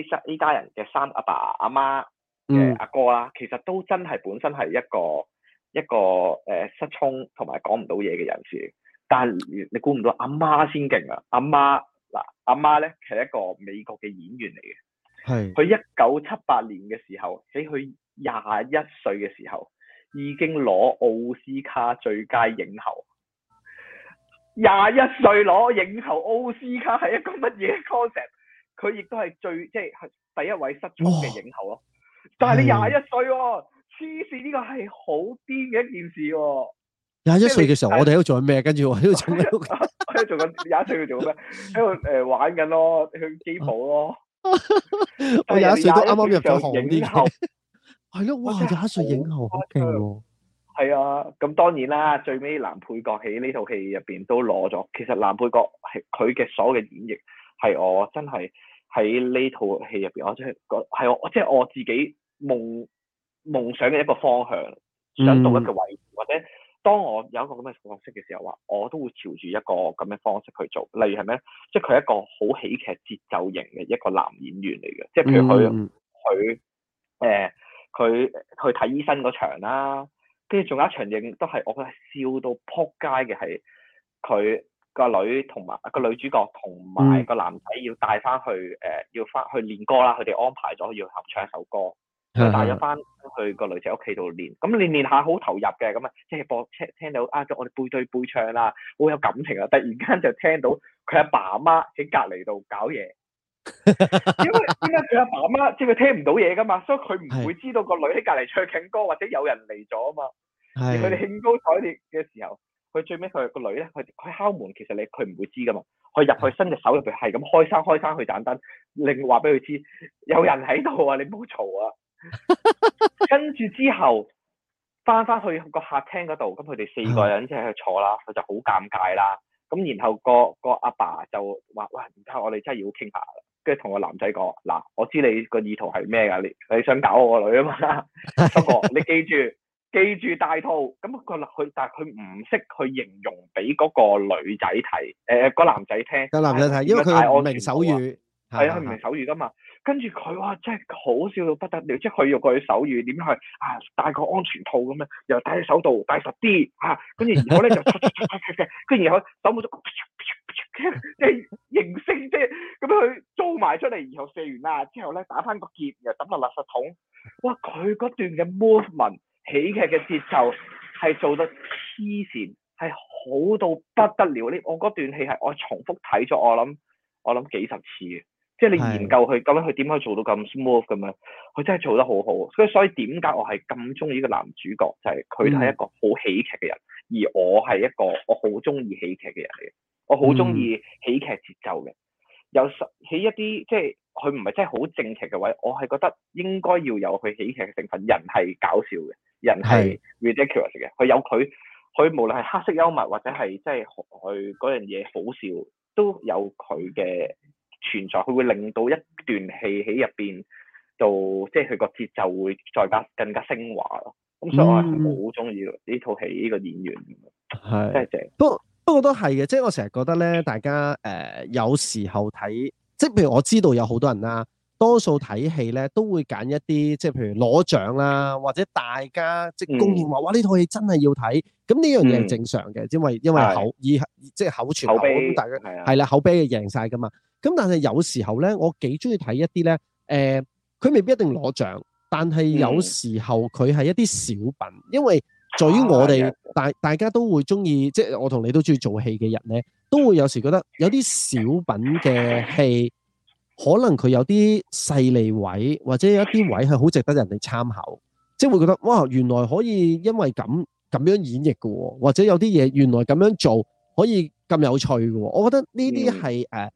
呢三呢家人嘅三阿爸阿媽嘅阿哥啦，其實都真係本身係一個一個誒、呃、失聰同埋講唔到嘢嘅人士。但係你估唔到阿媽先勁啊！阿媽嗱，阿媽咧係一個美國嘅演員嚟嘅，係佢一九七八年嘅時候喺佢廿一歲嘅時候已經攞奧斯卡最佳影后。廿一歲攞影后奧斯卡係一個乜嘢 concept？佢亦都係最即係第一位失聰嘅影后咯。但係你廿一歲喎，黐線，呢個係好癲嘅一件事喎。廿一歲嘅時候，我哋喺度做緊咩？跟住我喺度做緊，喺度做緊廿一歲嘅做緊咩？喺度誒玩緊咯，去機鋪咯。我廿一歲都啱啱入咗行啲嘅。係咯，哇！廿一歲影后好勁喎。係啊，咁當然啦，最尾男配角喺呢套戲入邊都攞咗。其實男配角係佢嘅所有嘅演繹，係我真係喺呢套戲入邊，我真係覺係我即係、就是、我自己夢夢想嘅一個方向，想到一個位置，嗯。或者當我有一個咁嘅角色嘅時候，我我都會朝住一個咁嘅方式去做。例如係咩？即係佢一個好喜劇節奏型嘅一個男演員嚟嘅，即、就、係、是、譬如佢佢誒佢去睇醫生嗰場啦，啊。跟住仲有一場景都係，我覺得笑到撲街嘅係佢個女同埋個女主角同埋個男仔要帶翻去、呃、要翻去練歌啦。佢哋安排咗要合唱一首歌，帶咗翻去個女仔屋企度練。咁練練下好投入嘅，咁啊即係播聽到啊，我哋背對背唱啦，好有感情啊！突然間就聽到佢阿爸阿媽喺隔籬度搞嘢。 因為點解佢阿爸阿媽即係佢聽唔到嘢噶嘛？所以佢唔會知道那個女喺隔籬唱緊歌，或者有人嚟咗啊嘛。佢 哋興高采烈嘅時候，佢最尾佢個女咧，佢佢敲門，其實你佢唔會知噶嘛。佢入去伸隻手入邊，係咁開山開山去盞燈，令話俾佢知有人喺度啊！你唔好嘈啊！ 跟住之後翻翻去個客廳嗰度，咁佢哋四個人即係去坐啦，佢就好尷尬啦。咁 然後、那個個阿爸，爸就話：喂，唔怕，我哋真係要傾下啦。跟住同個男仔講，嗱，我知你個意圖係咩㗎？你你想搞我個女啊嘛？不 過你記住，記住戴套。」咁個去，但係佢唔識去形容俾嗰個女仔睇，誒、呃、個男仔聽個男仔睇，因為佢唔明手語，係啊，佢唔明手語㗎嘛。跟住佢哇，真係好笑到不得了！即係佢用佢嘅手語點樣去啊，戴個安全套咁樣，又戴喺手度戴實啲。啊，跟住然後咧就刷刷刷刷刷，跟住然後手舞足，即係形聲即係咁樣佢租埋出嚟，然後射完啦之後咧打翻個結，然後抌落垃圾桶。哇！佢嗰段嘅 movement 喜劇嘅節奏係做得黐線，係好到不得了。呢我嗰段戲係我重複睇咗，我諗 我諗幾十次嘅。即係你研究佢究竟佢點可以做到咁 smooth 咁樣？佢真係做得好好。咁所以點解我係咁中意呢個男主角？就係佢係一個好喜劇嘅人、嗯，而我係一個我好中意喜劇嘅人嚟嘅。我好中意喜劇節奏嘅、嗯，有喜一啲即係佢唔係真係好正劇嘅位。我係覺得應該要有佢喜劇嘅成分。人係搞笑嘅，人係 ridiculous 嘅。佢有佢，佢無論係黑色幽默或者係即係佢嗰樣嘢好笑，都有佢嘅存在，佢會令到一段戲喺入邊就即係佢個節奏會再加更加升華咯。咁所以我係好中意呢套戲呢、呢個演員，嗯、真係正。不過不過都係嘅，即係我成日覺得咧，大家誒、呃、有時候睇，即係譬如我知道有好多人啦、啊。多數睇戲咧，都會揀一啲即係譬如攞獎啦、啊，或者大家即係公認話、嗯：哇，呢套戲真係要睇。咁呢樣嘢係正常嘅、嗯，因為因為口耳即係口傳口，大家係啦，口碑係贏晒㗎嘛。咁但係有時候咧，我幾中意睇一啲咧，誒、呃，佢未必一定攞獎，但係有時候佢係一啲小品、嗯，因為在於我哋大、嗯嗯、大家都會中意，即係我同你都中意做戲嘅人咧，都會有時覺得有啲小品嘅戲。可能佢有啲細膩位，或者有一啲位係好值得人哋參考，即係會覺得哇，原來可以因為咁樣，咁樣演繹嘅喎，或者有啲嘢原來咁樣做可以咁有趣嘅喎。我覺得呢啲係誒，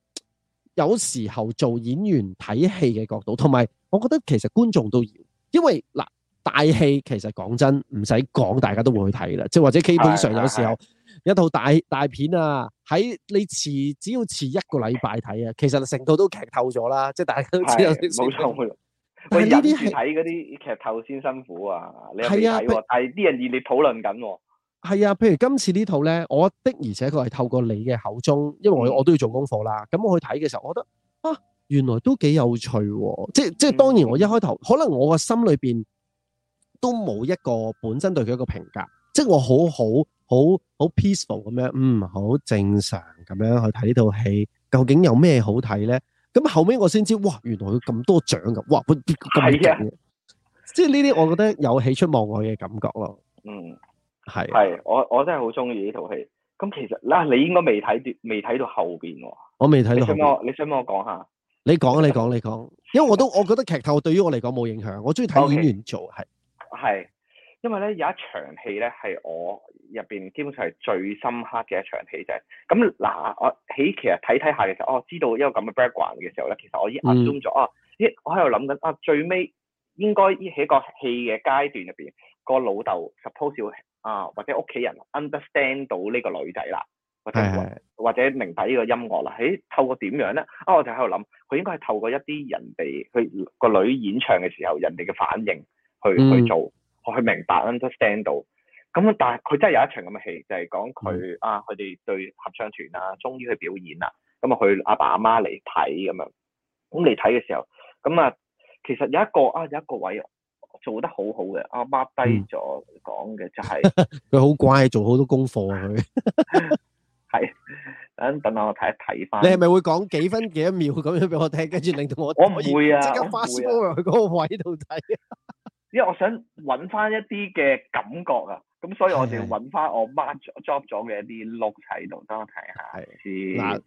有時候做演員睇戲嘅角度，同埋我覺得其實觀眾都要，因為嗱大戲其實講真唔使講，大家都會去睇啦，即係或者基本上有時候。一套大大片啊，喺你遲只要遲一個禮拜睇啊，其實成套都劇透咗啦，即係大家都知有啲。冇錯，係呢啲睇嗰啲劇透先辛苦啊，你又睇喎，但係啲人熱烈討論緊。係啊，譬如今次這呢套咧，我的而且確係透過你嘅口中，因為我我都要做功課啦。咁我去睇嘅時候，我覺得啊，原來都幾有趣的、啊。即即係當然，我一開頭、嗯、可能我個心裏邊都冇一個本身對佢一個評價，即係我好好。好好 peaceful 咁樣，嗯，好正常咁樣去睇呢套戲，究竟有咩好睇咧？咁後尾我先知，哇，原來佢咁多獎噶，哇，佢咁勁嘅，即係呢啲我覺得有喜出望外嘅感覺咯。嗯，係係，我我真係好中意呢套戲。咁其實你應該未睇到，未睇到後邊喎。我未睇到後面。你想你想幫我講下？你講你講，你講。因為我都，我覺得劇透對於我嚟講冇影響。我中意睇演員做係係。Okay. 是是因為咧有一場戲咧係我入邊基本上係最深刻嘅一場戲啫，就係。咁嗱，我喺其實睇睇下嘅時候，哦，知道一個咁嘅 background 嘅時候咧，其實我已 assume 咗啊，咦，我喺度諗緊啊，最尾應該依喺個戲嘅階段入邊，個老豆 suppose 要啊，或者屋企人 understand 到呢個女仔啦，或者或者明白呢個音樂啦，喺、啊、透過點樣咧？啊，我就喺度諗，佢應該係透過一啲人哋去個女演唱嘅時候，人哋嘅反應去、嗯、去做。我去明白 understand 到。咁但係佢真係有一場咁嘅戲，就係講佢啊，佢哋對合唱團啊，終於去表演啦。咁啊，去阿爸阿媽嚟睇咁樣。咁嚟睇嘅時候，咁、嗯、啊，其實有一個啊，有一個位做得好好嘅，mark 低咗講嘅就係佢好乖，做好多功課佢、啊。係， 等等下我睇一睇翻。你係咪會講幾分幾一秒咁樣俾我聽，跟住令到我我唔會啊，即刻發 scope 去嗰個位度睇 因為我想揾翻一啲嘅感覺啊，咁所以我哋要揾翻我 match drop 咗嘅一啲錄齊喺度，等我睇下。係、啊。嗱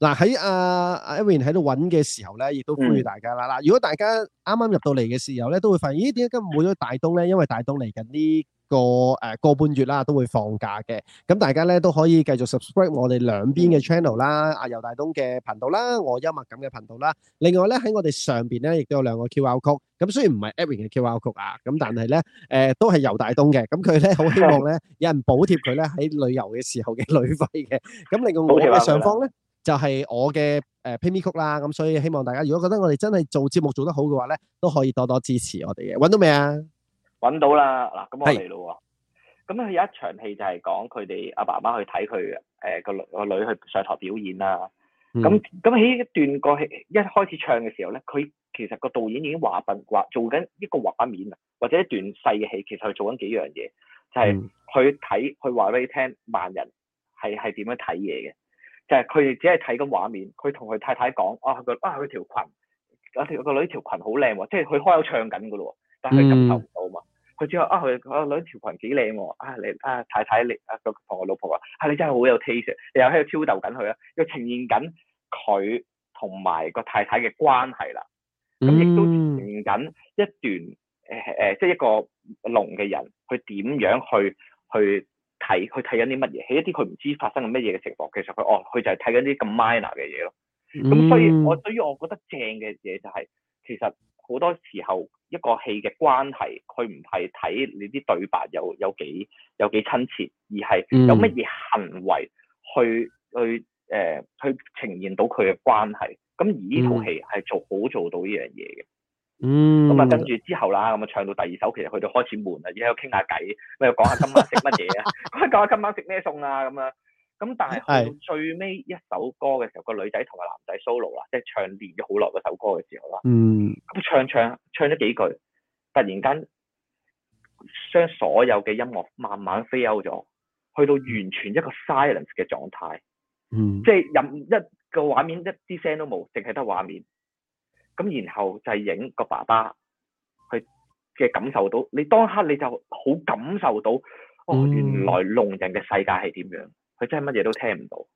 嗱喺阿阿 Edwin 喺度揾嘅時候咧，亦都歡迎大家啦。嗱、嗯，如果大家啱啱入到嚟嘅時候咧，都會發現咦，點解今日冇咗大東咧？因為大東嚟緊啲。個誒個半月啦，都會放假嘅。咁大家咧都可以繼續 subscribe 我哋兩邊嘅 channel 啦，阿游大東嘅頻道啦，我幽默感嘅頻道啦。另外咧喺我哋上邊咧亦都有兩個 QR code。咁雖然唔係 Edwin 嘅 QR code 啊，咁但係咧誒都係游大東嘅。咁佢咧好希望咧有人補貼佢咧喺旅遊嘅時候嘅旅費嘅。咁另外我嘅上方咧就係我嘅誒 PayMe code 啦。咁所以希望大家如果覺得我哋真係做節目做得好嘅話咧，都可以多多支持我哋嘅。揾到未啊？搵到啦嗱，咁我嚟咯喎。咁佢有一場戲就係講佢哋阿爸媽去睇佢誒個女，個女去上台表演啦。咁咁喺一段個戲一開始唱嘅時候咧，佢其實個導演已經畫笨畫做緊一個畫面啊，或者一段細嘅戲，其實佢做緊幾樣嘢、嗯，就係佢睇佢話俾你聽，萬人係係點樣睇嘢嘅，就係佢哋只係睇緊畫面。佢同佢太太講：，啊啊佢、啊、條裙，我、啊、條女條裙好靚喎，即係佢開口唱緊嘅咯喎，但佢感受唔到嘛。嗯佢之後啊，佢攞兩條裙幾靚喎啊，你啊太太你啊同我老婆話啊，你真係好有 taste，你又喺度挑逗緊佢啦，又呈現緊佢同埋個太太嘅關係啦，咁亦都呈現緊一段誒、mm. 呃、即係一個龍嘅人，佢點樣去去睇，去睇緊啲乜嘢起一啲佢唔知發生緊乜嘢嘅情況，其實佢哦，佢就係睇緊啲咁 minor 嘅嘢咯。咁所以、mm. 我對於我覺得正嘅嘢就係、是，其實好多時候。一個戲嘅關係，佢唔係睇你啲對白有有幾有幾親切，而係有乜嘢行為去、嗯、去誒、呃、去呈現到佢嘅關係。咁而呢套戲係做、嗯、做好做到呢樣嘢嘅。嗯。咁啊，跟住之後啦，咁啊唱到第二首，其實佢就開始悶啦，而喺度傾下偈，咪講下今晚食乜嘢啊？講下講下今晚食咩餸啊？咁樣。咁但係最尾一首歌嘅時候，個女仔同埋男仔 solo 啦，即係唱練咗好耐嗰首歌嘅時候啦。嗯。咁唱唱唱咗幾句，突然間將所有嘅音樂慢慢 fail 咗，去到完全一個 silence 嘅狀態。嗯。即係任一個畫面一啲聲都冇，淨係得畫面。咁然後就係影個爸爸，佢嘅感受到，你當刻你就好感受到、嗯，哦，原來聾人嘅世界係點樣。佢真係乜嘢都聽唔到，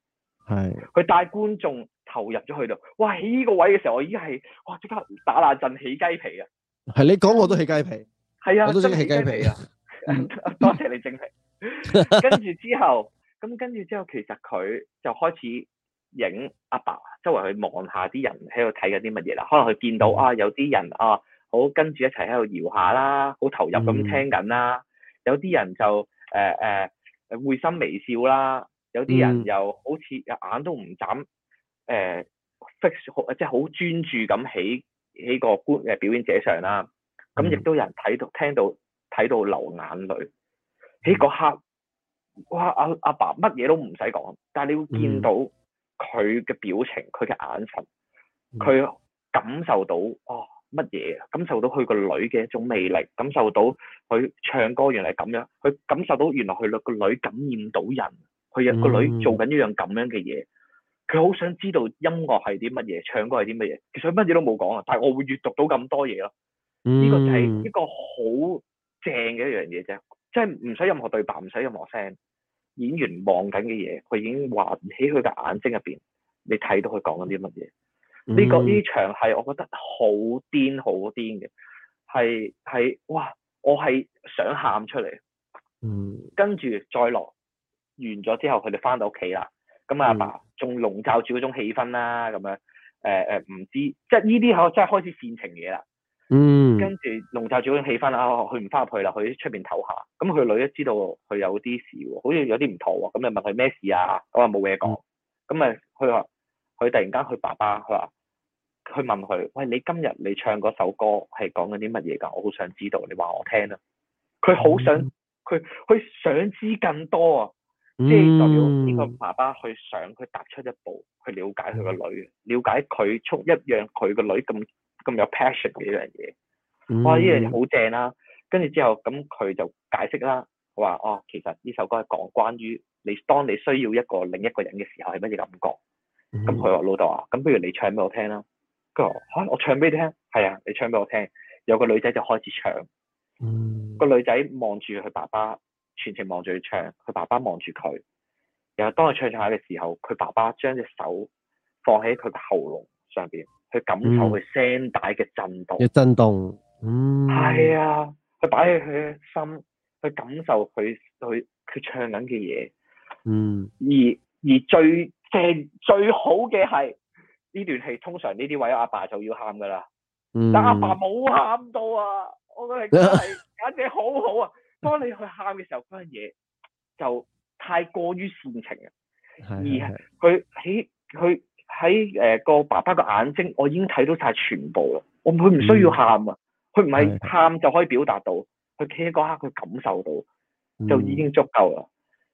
係。佢帶觀眾投入咗去度，哇！喺呢個位嘅時候我已經，我依家係哇，即刻打爛陣起雞皮啊！係你講我都起雞皮，係啊，我都起雞皮啊！嗯、 多謝你正皮 跟住之後，咁跟住之後，其實佢就開始影阿爸周圍去望下啲人喺度睇緊啲乜嘢啦。可能佢見到啊，有啲人啊，好跟住一齊喺度搖下啦，好投入咁聽緊啦、嗯。有啲人就誒誒、呃呃、會心微笑啦。有啲人又好似眼都唔眨，誒 focus 即係好專注咁喺喺個觀誒、呃、表演者上啦。咁亦都有人睇到、聽到、睇到流眼淚喺嗰、嗯欸、刻。哇！阿、啊、阿、啊、爸乜嘢都唔使講，但係你會見到佢嘅表情、佢、嗯、嘅眼神，佢感受到哦乜嘢？感受到佢個女嘅一種魅力，感受到佢唱歌原來咁樣，佢感受到原來佢個女感染到人。佢一個女做緊一樣咁樣嘅嘢，佢、嗯、好想知道音樂係啲乜嘢，唱歌係啲乜嘢。其實佢乜嘢都冇講啊，但係我會閲讀到咁多嘢咯。呢、嗯這個就係一個好正嘅一樣嘢啫，即係唔使任何對白，唔使任何聲，演員望緊嘅嘢，佢已經話唔起佢嘅眼睛入邊，你睇到佢講緊啲乜嘢。呢、這個呢、嗯、場係我覺得好癲，好癲嘅，係係哇，我係想喊出嚟、嗯，跟住再落。完咗之後他們回了，佢哋翻到屋企啦。咁阿爸仲籠罩住嗰種氣氛啦，咁樣誒誒，唔、呃、知即係呢啲可即係開始煽情嘢啦。嗯。跟住籠罩住嗰種氣氛啊，佢唔翻入去啦，佢出邊唞下。咁佢女都知道佢有啲事喎，好似有啲唔妥喎，咁咪問佢咩事啊？我話冇嘢講。咁佢話佢突然間佢爸爸佢話，佢問佢喂，你今日你唱嗰首歌係講緊啲乜嘢噶？我好想知道，你話我聽啊。佢好想，佢、嗯、佢想知更多啊！即、嗯、係、就是、代表呢個爸爸去想，佢踏出一步，去了解佢個女、嗯，了解佢出一樣佢個女咁咁有 passion 嘅一樣嘢。哇、嗯，話呢樣嘢好正啦，跟住之後咁佢就解釋啦，話哦其實呢首歌係講關於你當你需要一個另一個人嘅時候係乜嘢感覺。咁佢話老豆啊，咁、嗯、不如你唱俾我聽啦。跟住我，吓，我唱俾你聽？係啊，你唱俾我聽。有個女仔就開始唱，嗯，嗰個女仔望住佢爸爸。全程望住佢唱，佢爸爸望住佢。然後當佢唱唱下嘅時候，佢爸爸將隻手放喺佢嘅喉嚨上邊，去感受佢聲帶嘅震動。一震動，嗯，係啊，佢擺喺佢嘅心，去感受佢佢佢唱緊嘅嘢。嗯，而而最正最好嘅係呢段戲，通常呢啲位阿爸，爸就要喊噶啦，嗯，但阿爸冇喊到啊！我覺得係演技好好啊。當你去喊嘅時候，嗰樣嘢就太過於煽情啊！而佢喺佢喺誒個爸爸個眼睛，我已經睇到晒全部啦。我佢唔需要喊啊，佢唔係喊就可以表達到，佢企喺嗰刻佢感受到，就已經足夠啦。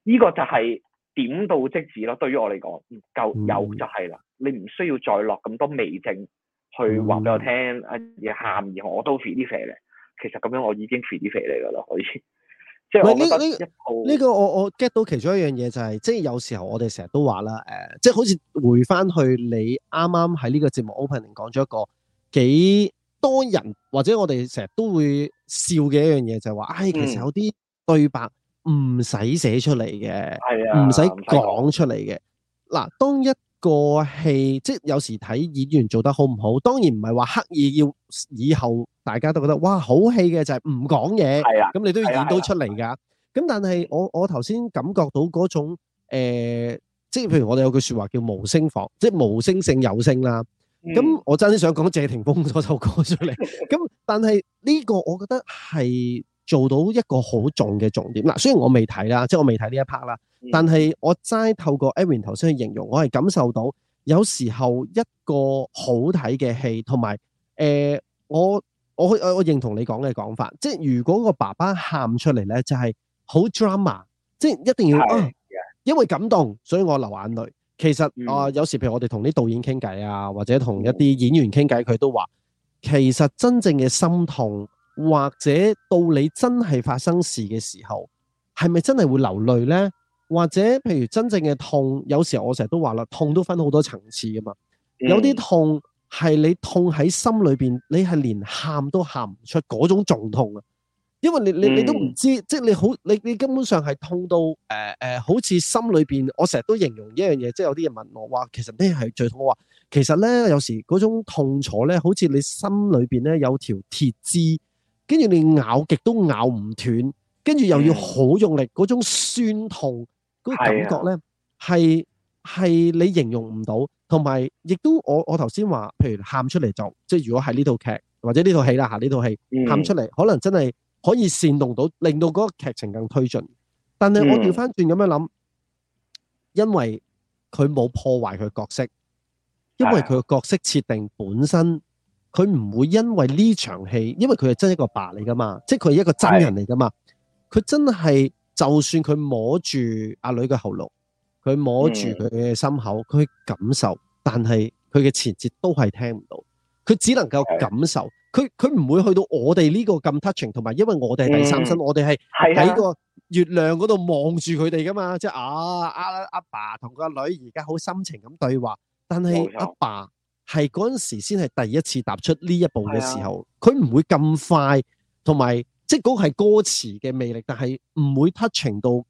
呢、嗯這個就係點到即止咯。對於我嚟講，夠有就係啦。你唔需要再落咁多味精去話、嗯、俾我聽啊！喊然我都 feel 啲嘢咧，其實咁樣我已經 feel 啲嘢嚟噶啦，可以。呢個呢呢個，這個這個、我我 get 到其中一樣嘢就係、是，即係有時候我哋成日都話啦，誒、呃，即係好似回翻去你啱啱喺呢個節目 opening 講咗一個幾多人或者我哋成日都會笑嘅一樣嘢、就是，就係話，唉，其實有啲對白唔使寫出嚟嘅，唔使講出嚟嘅，嗱、啊，當一個戲即係有時睇演員做得好唔好，當然唔係話刻意要以後大家都覺得哇好戲嘅就係唔講嘢，咁你都要演到出嚟㗎。咁但係我我頭先感覺到嗰種、呃、即係譬如我哋有句説話叫無聲房，即係無聲勝有聲啦。咁、嗯、我真係想講謝霆鋒嗰首歌出嚟。咁 但係呢個我覺得係做到一個好重嘅重點嗱。雖然我未睇啦，即係我未睇呢一 part 啦。但係我齋透過 Edwin 頭先嘅形容，我係感受到有時候一個好睇嘅戲，同埋、呃、我我我認同你講嘅講法，即係如果個爸爸喊出嚟呢，就係、是、好 drama，即係一定要、啊、因為感動，所以我流眼淚。其實啊、呃，有時譬如我哋同啲導演傾偈啊，或者同一啲演員傾偈，佢都話，其實真正嘅心痛，或者到你真係發生事嘅時候，係咪真係會流淚呢？或者譬如真正嘅痛，有時候我成日都話啦，痛都分好多層次噶嘛。有啲痛係你痛喺心裏邊，你係連喊都喊唔出嗰種仲痛啊。因為你你你都唔知，即係你好你你根本上係痛到誒誒、呃呃、好似心裏邊，我成日都形容一樣嘢，即係有啲人問我話，其實咩係最痛？我話其實咧，有時嗰種痛楚咧，好似你心裏邊咧有條鐵枝，跟住你咬極都咬唔斷，跟住又要好用力嗰種酸痛。嗰、那個感覺咧，係係、啊、你形容唔到，同埋亦都我我頭先話，譬如喊出嚟就即係如果係呢套劇或者呢套戲啦，吓，呢套戲喊出嚟，可能真係可以煽動到令到嗰個劇情更推進。但係我調翻轉咁樣諗、嗯，因為佢冇破壞佢角色，因為佢嘅角色設定本身，佢唔、啊、會因為呢場戲，因為佢係真係一個白嚟噶嘛，啊、即係佢係一個真人嚟噶嘛，佢、啊、真係。就算佢摸住阿女嘅喉嚨，佢摸住佢嘅心口，佢感受，但係佢嘅前節都係聽唔到，佢只能夠感受，佢佢唔會去到我哋呢個咁 touching，同埋因為我哋係第三身，我哋係喺個月亮嗰度望住佢哋噶嘛，即係啊阿阿爸同個女而家好深情咁對話，但係阿爸係嗰陣時先係第一次踏出呢一步嘅時候，佢唔會咁快，同埋。即講係歌詞嘅魅力，但係唔會 touch 到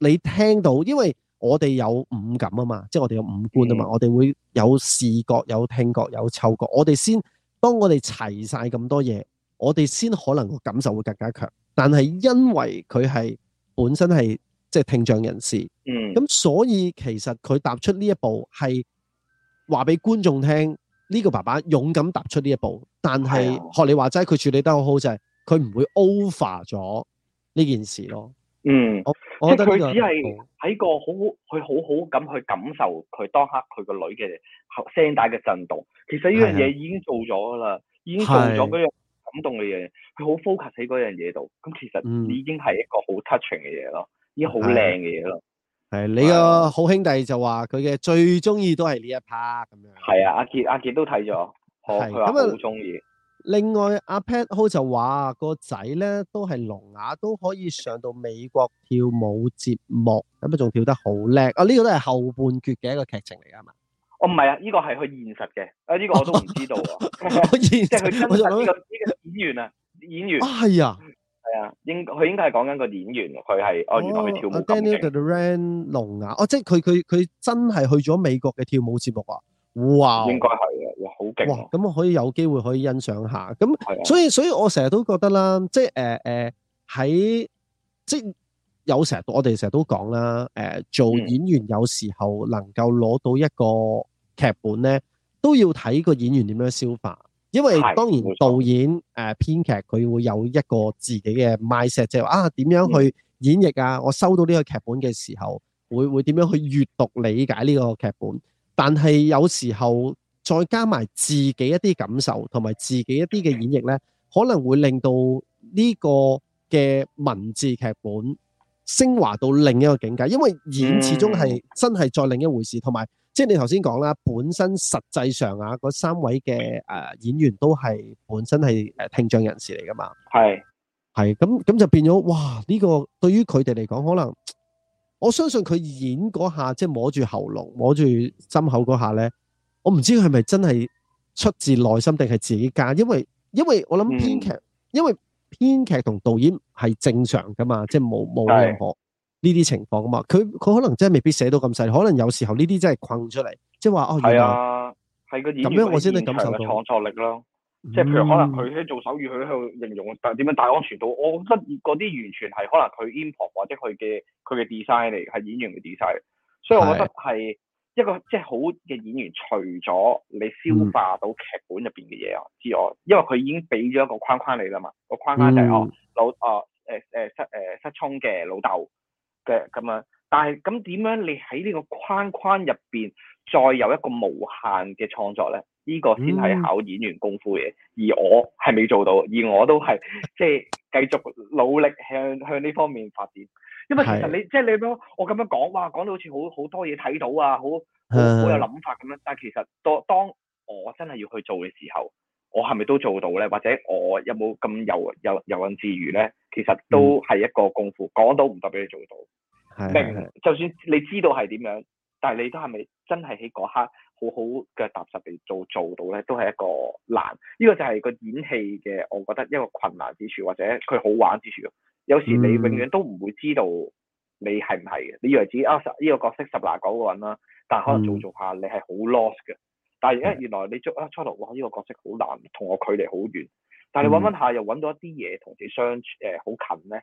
你聽到，因為我哋有五感啊嘛，即係我哋有五官啊嘛，嗯、我哋會有視覺、有聽覺、有嗅覺，我哋先當我哋齊晒咁多嘢，我哋先可能個感受會更加強。但係因為佢係本身係即係聽障人士，咁、嗯、所以其實佢踏出呢一步係話俾觀眾聽，呢、呢個爸爸勇敢踏出呢一步。但係學、嗯、你話齋，佢處理得好好就係、是。佢唔會 over 咗呢件事咯。嗯，我覺得佢只係喺個好，佢好好咁去感受佢當刻佢個女嘅聲帶嘅震動。其實呢樣嘢已經做咗噶啦，已經做咗嗰樣感動嘅嘢。佢好 focus 喺嗰樣嘢度。咁其實已經係一個好 touching 嘅嘢咯，已經好靚嘅嘢咯。係，你個好兄弟就話佢嘅最中意都係呢一 part 咁樣。係啊，阿傑阿傑都睇咗，佢話好中意。另外，阿 Pat Ho 就話個仔咧都係聾啞，都可以上到美國跳舞節目，咁啊仲跳得好叻。啊，呢、這個都係後半決嘅一個劇情嚟㗎嘛？哦，唔係啊，呢、這個係佢現實嘅。 啊，呢、這個我都唔知道喎。現實，即係佢真實呢個嘅演員啊，演員啊，係啊，係啊，應佢應該係講緊個演員，佢 係、哎啊、哦，原來佢跳舞 Daniel Durant 聾啞，哦、啊，即係佢佢佢真係去咗美國嘅跳舞節目啊！哇，哇！咁我可以有機會可以欣賞下，咁所以所以我成日都覺得啦，即係誒誒喺即係有成日，我哋成日都講啦，誒、呃、做演員有時候能夠攞到一個劇本咧、嗯，都要睇個演員點樣消化，因為當然導演誒、呃、編劇佢會有一個自己嘅 mindset，即係話啊點樣去演繹啊、嗯，我收到呢個劇本嘅時候，會會點樣去閲讀理解呢個劇本，但係有時候。再加埋自己一啲感受同埋自己一啲嘅演繹咧，可能會令到呢個嘅文字劇本升華到另一個境界。因為演始終係真係再另一回事，同、嗯、埋即係你頭先講啦，本身實際上啊，嗰三位嘅誒演員都係本身係誒聽障人士嚟噶嘛，係係咁咁就變咗哇！呢、呢個對於佢哋嚟講，可能我相信佢演嗰下即係摸住喉嚨摸住心口嗰下咧。我唔知佢係咪真係出自內心定係自己加，因為因為我諗編劇、嗯，因為編劇同導演係正常噶嘛，即係冇冇任何呢啲情況噶嘛。佢佢可能真係未必寫到咁細，可能有時候呢啲真係困出嚟，即係話哦。係啊，係、嗯、我先能感受到創作力咯。即、嗯、係譬如可能佢喺做手語，佢喺度形容，但係點樣大安全度？我覺得嗰啲完全係可能佢 improv 或者佢嘅佢嘅 design 嚟，係演員嘅 design。所以我覺得係。是一個即係好嘅演員，除咗你消化到劇本入邊嘅嘢之外，因為佢已經俾咗一個框框你啦嘛，嗯、個框框就係、是、哦老哦誒誒失誒失聰嘅老豆嘅咁樣。但係咁點樣你喺呢個框框入邊再有一個無限嘅創作咧？呢、呢個先係考演員功夫嘅。而我係未做到，而我都係即係繼續努力向向呢方面發展。因為其實你即係、就是、你咁，我咁樣講哇，講到好似好好多嘢睇到啊，好好，好有諗法咁樣、嗯，但係其實當當我真係要去做嘅時候，我係咪都做到咧？或者我有冇咁遊遊遊刃有，那麼有，有，游刃有餘咧？其實都係一個功夫，嗯、講到唔代表你做到，明就算你知道係點樣，但係你都係咪真係喺嗰刻？好好嘅踏實地做做到咧，都係一個難。呢、呢個就係個演戲嘅，我覺得一個困難之處，或者佢好玩之處。有時你永遠都唔會知道你係唔係嘅。你以為自己啊，呢、呢個角色十拿九穩啦，但可能做、嗯、做下你係好 lost 嘅。但係而家原來你做啊初頭哇，呢、呢個角色好難，同我距離好遠。但係你揾揾下、嗯、又揾到一啲嘢同自己相處誒好、呃、近咧、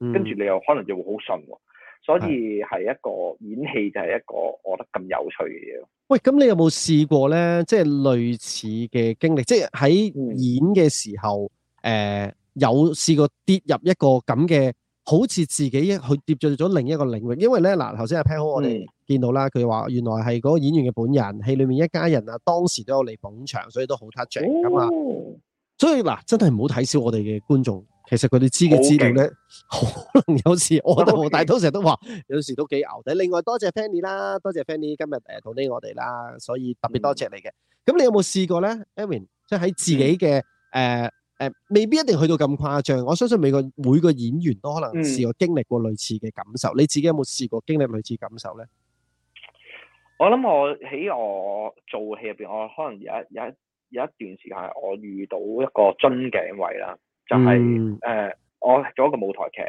嗯，跟住你又可能就會好信、啊。所以係一個是演戲就係一個我覺得咁有趣嘅嘢。喂，咁你有冇試過咧？即係類似嘅經歷，即係喺演嘅時候，誒、嗯呃，有試過跌入一個咁嘅，好似自己去跌進咗另一個領域。因為咧，嗱，頭先阿 Pa 好，我哋見到啦，佢、嗯、話原來係嗰個演員嘅本人，戲裏面一家人啊，當時都有嚟捧場，所以都好 touch 咁、嗯、啊。所以嗱，真係唔好睇小我哋嘅觀眾。其實佢哋知嘅資料咧，可、okay. 能 有時我大都，但係都成日都話，有時都幾牛。但另外多謝 Fanny 啦，多謝 Fanny 今日誒，同、呃、呢我哋啦，所以特別多謝你嘅。咁、嗯、你有冇試過咧 a a r n 即係喺自己嘅誒誒，未必一定去到咁誇張。我相信每個每個演員都可能試過經歷過類似嘅感受、嗯。你自己有冇試過經歷類似感受咧？我諗我喺我做戲入邊，我可能有有有一,一段時間係我遇到一個樽頸位啦。就係、是、誒、嗯呃，我做一個舞台劇，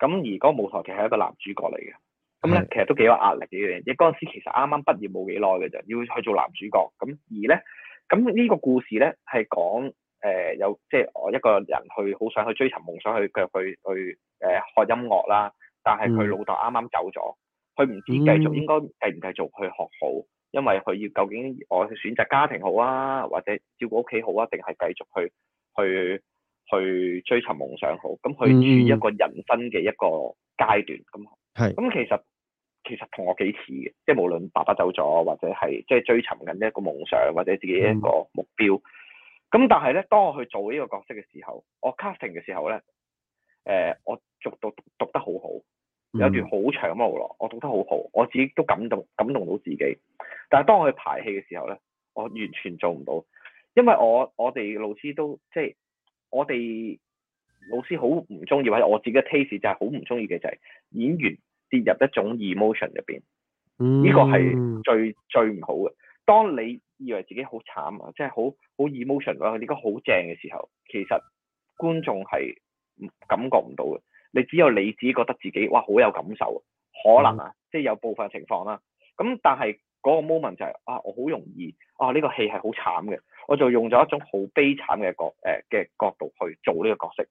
咁而嗰個舞台劇係一個男主角嚟嘅，咁咧、嗯、其實都幾有壓力嘅樣嘢。嗰陣時其實啱啱畢業冇幾耐嘅啫，要去做男主角。咁而咧，咁呢個故事咧係講誒、呃、有即係、就是、我一個人去好想去追尋夢想去去去誒學音樂啦，但係佢老豆啱啱走咗，佢、嗯、唔知道繼續應該繼唔繼續去學好，嗯、因為佢要究竟我選擇家庭好啊，或者照顧屋企好啊，定係繼續去去？去追尋夢想好，咁去處一個人生嘅一個階段，咁、嗯、係，咁其實其實同我幾似嘅，即、就、係、是、無論爸爸走咗，或者係即係追尋緊呢一個夢想，或者自己一個目標，咁、嗯、但係咧，當我去做呢個角色嘅時候，我 casting 嘅時候咧，誒、呃，我讀到讀，讀得好好，有一段好長嘅路，路我讀得好好，我自己都感動感動到自己，但係當我去排戲嘅時候咧，我完全做唔到，因為我我哋老師都即係。就是我哋老師好唔中意，或者我自己嘅 taste 就係好唔中意嘅就係演員跌入一種 emotion 入邊，呢個係最最唔好嘅。當你以為自己好慘啊，即係好好 emotion 嘅話，你覺得好正嘅時候，其實觀眾係感覺唔到嘅。你只有你自己覺得自己哇好有感受，可能啊，即係有部分情況啦。咁但係嗰個 moment 就係啊，我好容易啊呢個戲係好慘嘅。我就用咗一種好悲慘嘅角誒嘅角度去做呢個角色，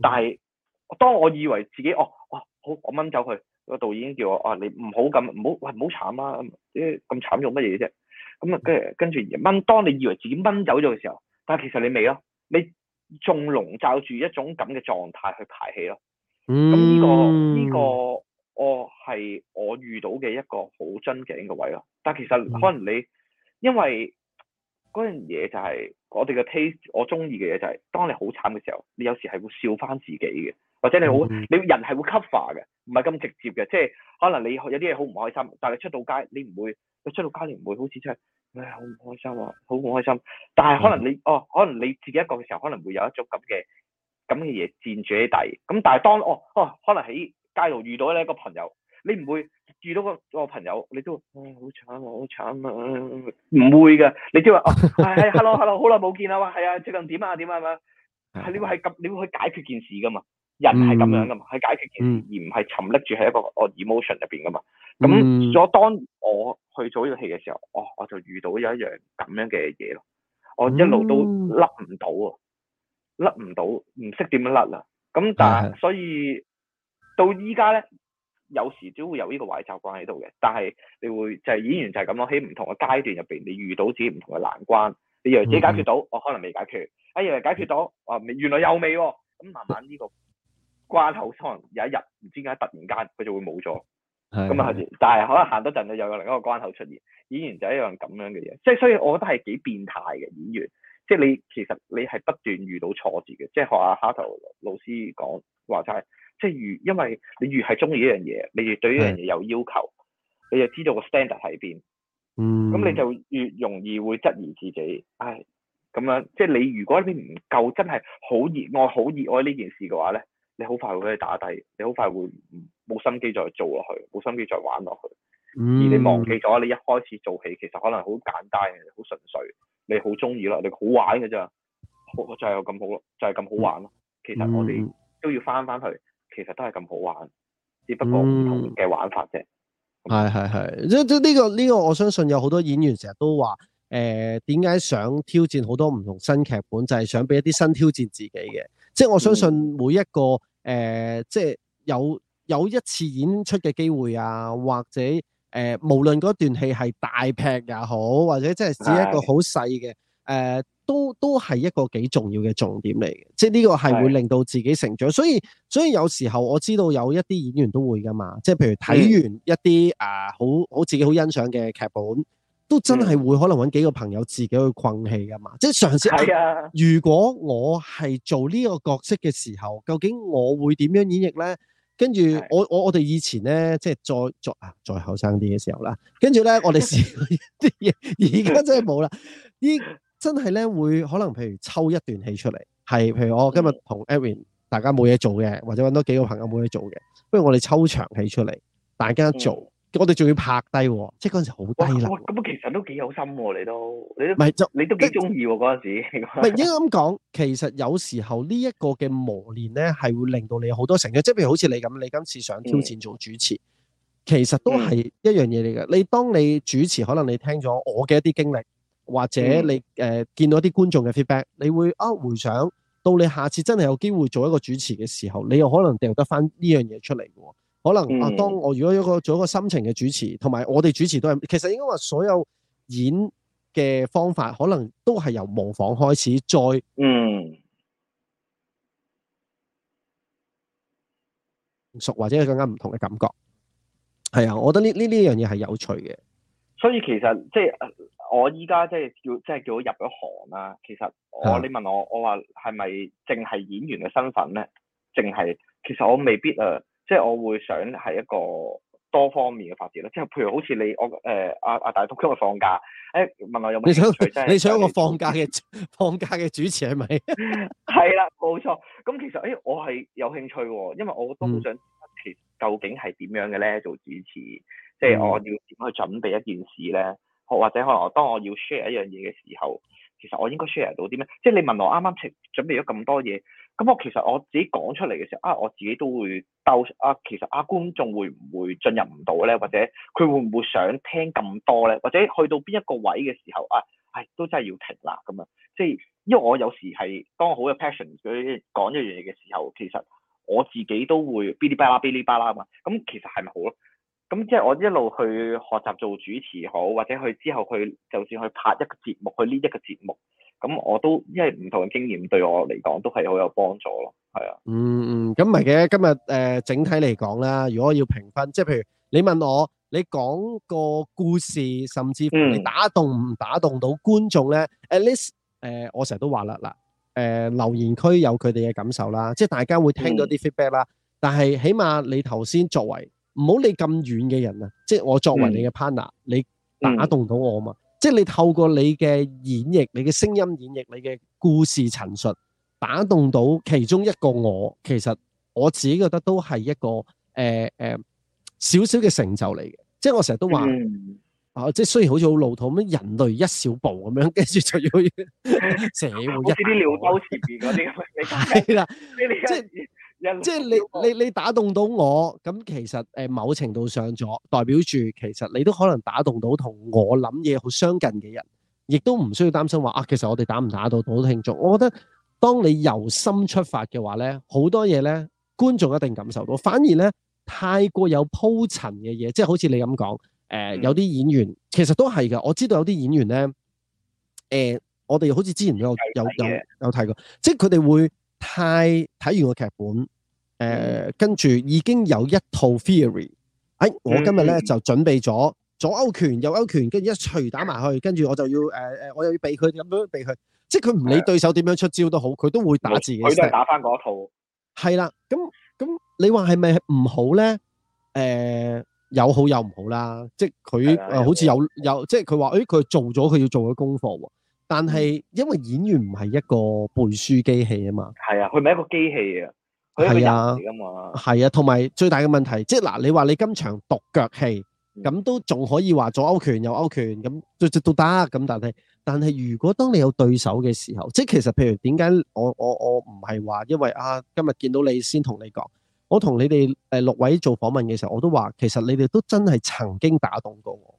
但係當我以為自己哦哇好、哦、我掹走佢，個導演叫我哦，你唔好咁，唔好喂，唔好慘啦，啲咁慘用乜嘢啫？咁、嗯、啊跟住跟住掹，當你以為自己掹走咗嘅時候，但係其實你未咯，你仲籠罩住一種咁嘅狀態去排戲咯。咁、嗯、呢、呢個呢、呢個我係、哦、我遇到嘅一個好樽頸嘅位咯。但係其實可能你因為。嗰樣嘢就係、是、我哋嘅 taste，我中意嘅嘢就係、是、當你好慘嘅時候，你有時係會笑翻自己嘅，或者你好你人係會 cover 嘅，唔係咁直接嘅，即係可能你有啲嘢好唔開心，但係出，出到街你唔會，你出到街你唔會好似出，係，唉好唔開心啊，好唔開心。但係可能你、嗯、哦，可能你自己一個嘅時候可能會有一種咁嘅咁嘅嘢佔住你底。咁但係當哦哦，可能喺街度遇到呢一個朋友。你唔會遇到個個朋友，你都啊好、哎、慘啊，好慘啊！唔會嘅，你只話哦，係 hello hello，好耐冇見啦，話、哎、係啊，最近點啊點啊係咪啊？係、嗯、你會係咁，你會去解決件事噶嘛？人係咁樣噶嘛，去解決件事，而唔係沉溺住喺一個我 emotion 入邊噶嘛。咁所以當我去做呢個戲嘅時候，哦，我就遇到有一樣咁樣嘅嘢咯，我一路都甩唔到啊，甩唔到，唔識點樣甩啦。咁但係所以、嗯、到依家咧。有時都會有呢個壞習慣喺度嘅，但係你會就係、是、演員就係咁咯。喺唔同嘅階段入邊，你遇到自己唔同嘅難關，你以為自己解決到、嗯，我可能未解決，以為解決到，哦未，原來又未。咁慢慢呢個關口， 可能有一日唔知點解突然間佢就會冇咗。咁 啊、就是， 但係可能行多陣，你又有另一個關口出現。演員就一樣咁樣嘅嘢，即係所以，我覺得係幾變態嘅演員。即係你其實你係不斷遇到挫折嘅，即係學阿蝦頭老師講話齋。即係如，因為你越係中意一樣嘢，你越對呢樣嘢有要求，你就知道個 standard 喺邊。嗯。咁你就越容易會質疑自己，唉，咁樣即係你如果你唔夠真係好熱愛、好熱愛呢件事嘅話咧，你好快會俾你打低，你好快會冇心機再做落去，冇心機再玩落去。嗯。而你忘記咗你一開始做起其實可能好簡單、好純粹，你好中意啦，你好玩嘅啫，就係咁好咯，就係咁好玩咯。嗯。其實我哋都要翻翻去。其實都係咁好玩，只不過唔同嘅玩法啫。係係係，即即呢個呢個，這個、我相信有好多演員成日都話，誒點解想挑戰好多唔同新劇本，就係、是、想俾一啲新挑戰自己嘅。即我相信每一個誒、呃，即有有一次演出嘅機會啊，或者誒、呃，無論嗰段戲係大劈也好，或者即係指一個好細嘅誒。都都係一個幾重要嘅重點嚟嘅，即係呢個係會令到自己成長，所以所以有時候我知道有一啲演員都會噶嘛，即係譬如睇完一啲啊，好好自己好欣賞嘅劇本，都真係會可能搵幾個朋友自己去困戲噶嘛，即係嘗試，如果我係做呢個角色嘅時候，究竟我會點樣演繹呢？跟住我我我哋以前呢，即係再再啊再後生啲嘅時候啦，跟住呢，我哋試啲嘢，而 家 真係冇啦呢。真係咧，會可能譬如抽一段戲出嚟，係譬如我今日同 Edwin 大家冇嘢做嘅，或者搵多幾個朋友冇嘢做嘅，不如我哋抽場戲出嚟，大家做，嗯、我哋仲要拍低，即係嗰陣時好低落。咁其實都幾有心，你都你都唔係，你都幾中意嗰陣時。唔係應該咁講， 其實有時候呢一個嘅磨練咧，係會令到你好多成就。即係譬如好似你咁，你今次想挑戰做主持，嗯、其實都係一樣嘢嚟嘅。你當你主持，可能你聽咗我嘅一啲經歷。或者你誒、呃、見到啲觀眾嘅 feedback，你會、啊、回想到你下次真係有機會做一個主持嘅時候，你又可能掉得翻呢樣嘢出嚟嘅喎。可能啊，當我如果一個做一個心情嘅主持，同埋我哋主持都係其實應該話所有演嘅方法，可能都係由模仿開始，再熟或者係更加唔同嘅感覺。係啊，我覺得呢呢呢樣嘢係有趣嘅。所以其實即係我依家即係叫即係叫我入咗行啦。其實我、嗯、你問我，我話係咪淨係演員嘅身份咧？淨係其實我未必啊，即係我會想係一個多方面嘅發展咯。即係譬如好似你我誒阿阿大東今日放假，誒、欸、問我有冇你想你想我放假嘅 放假嘅主持係咪？係 啦，冇錯。咁其實誒、欸、我係有興趣喎，因為我都好想其、嗯、究竟係點樣嘅咧做主持。即、就、係、是、我要點去準備一件事咧？或或者可能我當我要 share 一樣嘢嘅時候，其實我應該 share 到啲咩？即係你問我啱啱即準備咗咁多嘢，咁我其實我自己講出嚟嘅時候啊，我自己都會兜啊，其實阿、啊、觀眾會唔會進入唔到咧？或者佢會唔會想聽咁多咧？或者去到邊一個位嘅時候啊，係、哎、都真係要停啦咁啊！即係因為我有時係當我好有 passion 去講一樣嘢嘅時候，其實我自己都會嗶哩吧啦、嗶哩吧啦啊嘛，咁其實係咪好咯？咁即係我一路去學習做主持好，或者去之後去，就算去拍一個節目，去呢一個節目，咁我都因為唔同嘅經驗對我嚟講都係好有幫助咯，係啊。嗯嗯，咁唔係嘅，今日誒、呃、整體嚟講啦，如果我要評分，即係譬如你問我你講個故事，甚至你打動唔打動到觀眾咧、嗯、？At least，誒、呃、我成日都話啦嗱，誒、呃、留言區有佢哋嘅感受啦，即係大家會聽到啲 feedback 啦、嗯，但係起碼你頭先作為。唔好理咁遠嘅人啊，即係我作為你嘅 partner，、嗯、你打動到我嘛？嗯、即係你透過你嘅演繹，你嘅聲音演繹，你嘅故事陳述，打動到其中一個我，其實我自己覺得都係一個誒誒少少嘅成就嚟嘅。即係我成日都話、嗯、啊，即係雖然好似好老土咁，人類一小步咁樣，跟住就要社 會 一。啲鳥洲前面嗰啲你係啦，即 係對、啊。 就是 即係你你你打動到我，咁其實誒、呃、某程度上咗，代表住其實你都可能打動到同我諗嘢好相近嘅人，亦都唔需要擔心話啊，其實我哋打唔打到好多聽眾。我覺得當你由心出發嘅話咧，好多嘢，咧觀眾一定感受到。反而咧太過有鋪陳嘅嘢，即係好似你咁講，誒、呃嗯、有啲演員其實都係嘅。我知道有啲演員咧，誒、呃、我哋好似之前都有有有有睇過，即係佢哋會太睇完個劇本。誒、嗯呃，跟住已經有一套 theory，誒、哎，我今日咧、嗯、就準備咗左勾拳，拳、右勾拳，跟住一錘打埋去，跟住我就要誒誒、呃，我又要避佢，咁樣避佢，即係佢唔理對手點樣出招都好，佢都會打自己。佢都係打翻嗰套，係啦，咁咁你話係咪唔好咧？誒、呃，有好有唔好啦，即係佢誒，好似有有，即係佢話誒，佢、哎、做咗佢要做嘅功課，但係因為演員唔係一個背書機器啊嘛，係啊，佢唔係一個機器啊。係啊，係啊，同埋最大嘅問題，即係嗱，你話你今場獨腳戲，咁、嗯、都仲可以話左勾拳右勾拳咁，都都都得咁。但係但係，如果當你有對手嘅時候，即係其實譬如點解我我我唔係話因為啊今日見到你先同你講，我同你哋誒、呃、六位做訪問嘅時候，我都話其實你哋都真係曾經打動過我，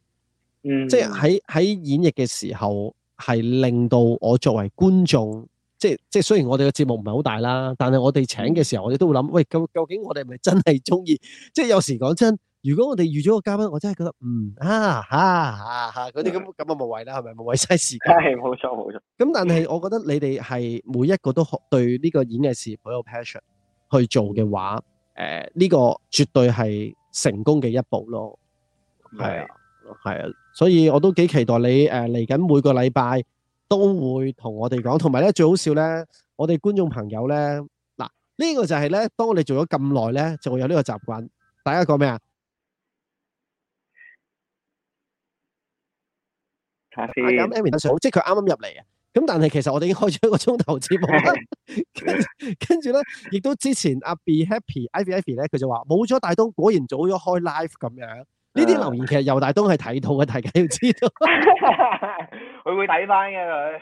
嗯即，即係喺喺演繹嘅時候係令到我作為觀眾。即係即係，雖然我哋嘅節目唔係好大啦，但係我哋請嘅時候，我哋都會諗，喂，究，究竟我哋係咪真係中意？即係有時講真，如果我哋預咗個嘉賓，我真係覺得，嗯啊啊啊啊，嗰啲咁咁啊冇謂啦，係咪冇謂嘥時間？係冇錯冇錯。咁但係我覺得你哋係每一個都對呢個演藝事業好有 passion 去做嘅話，誒、嗯、呢、呢個絕對係成功嘅一步咯。係、嗯、啊係啊，啊，所以我都幾期待你誒嚟緊每個禮拜都會同我哋講，同埋咧最好笑咧，我哋觀眾朋友咧，嗱、呢、呢個就係咧，當我哋做咗咁耐咧，就會有呢個習慣。大家講咩啊？睇下咁 Amy 好，即係佢啱啱入嚟啊！咁但係其實我哋已經開咗一個鐘頭節目， 跟跟住咧，亦都之前阿 Be Happy、Ivy、Ivy 咧，佢就話冇咗大東，果然早咗開 live 咁樣。呢、呃、啲留言，其實游大東係睇到嘅，大家要知道，佢 會睇翻嘅佢。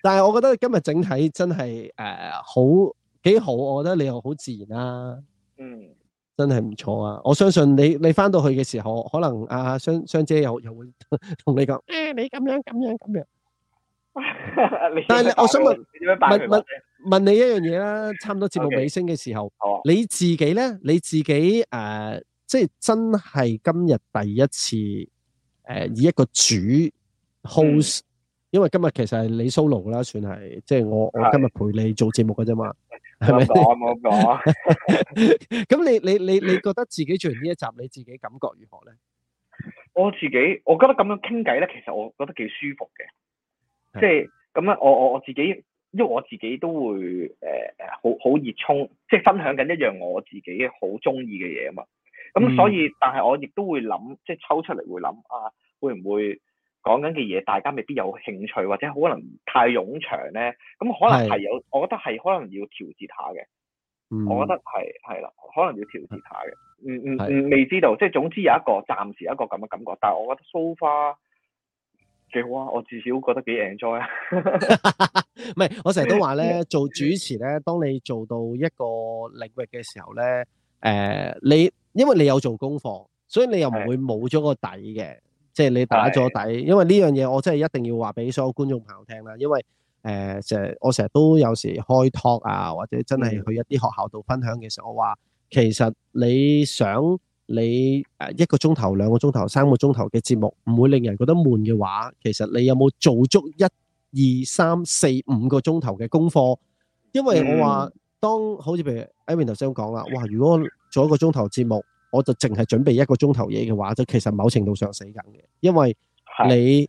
但係我覺得今日整體真係誒、呃、好幾好，我覺得你又好自然啦、啊。嗯，真係唔錯啊！我相信你，你翻到去嘅時候，可能阿、啊、雙雙姐又又會同你講：誒、欸，你咁樣咁樣咁樣。這樣這樣 但係，我想問問問，問，問你一樣嘢啦，差唔多節目尾聲嘅時候、 啊，你自己咧，你自己誒？呃即係真係今日第一次，誒、呃、以一個主 host，嗯、因為今日其實係你 solo 啦，算係，即係我我今日陪你做節目嘅啫嘛，係咪？冇講冇講，咁 你你你你覺得自己做完呢一集，你自己感覺如何咧？我自己我覺得咁樣傾偈咧，其實我覺得幾舒服嘅，即係咁樣我，我我我自己，因為我自己都會誒誒、呃、好好熱衷，即係分享緊一樣我自己好中意嘅嘢啊嘛。咁、嗯、所以，但係我亦都會諗，即係抽出嚟會諗啊，會唔會講緊嘅嘢大家未必有興趣，或者可能太冗長咧？咁可能係有，我覺得係可能要調節下嘅。嗯，我覺得係係啦，可能要調節下嘅。嗯嗯嗯，未知道，即係總之有一個暫時有一個咁嘅感覺。但係我覺得 s o 蘇花幾好啊！我至少覺得幾 enjoy。啊。唔係，我成日都話咧，做主持咧，當你做到一個領域嘅時候咧，誒、 呃、你。因為你有做功課，所以你又唔會冇咗個底嘅，即係你打咗底。因為呢樣嘢我真係一定要話俾所有觀眾朋友聽啦。因為成、呃、我成日都有時開拓啊，或者真係去一啲學校度分享嘅時候，嗯、我話其實你想你一個鐘頭、兩個鐘頭、三個鐘頭嘅節目，唔會令人覺得悶嘅話，其實你有冇做足一、二、三、四、五個鐘頭嘅功課？因為我話、嗯、當好似譬如 Amy 頭先講啦，哇！如果做一個鐘頭節目，我就淨係準備一個鐘頭嘢嘅話，就其實是某程度上死緊嘅，因為你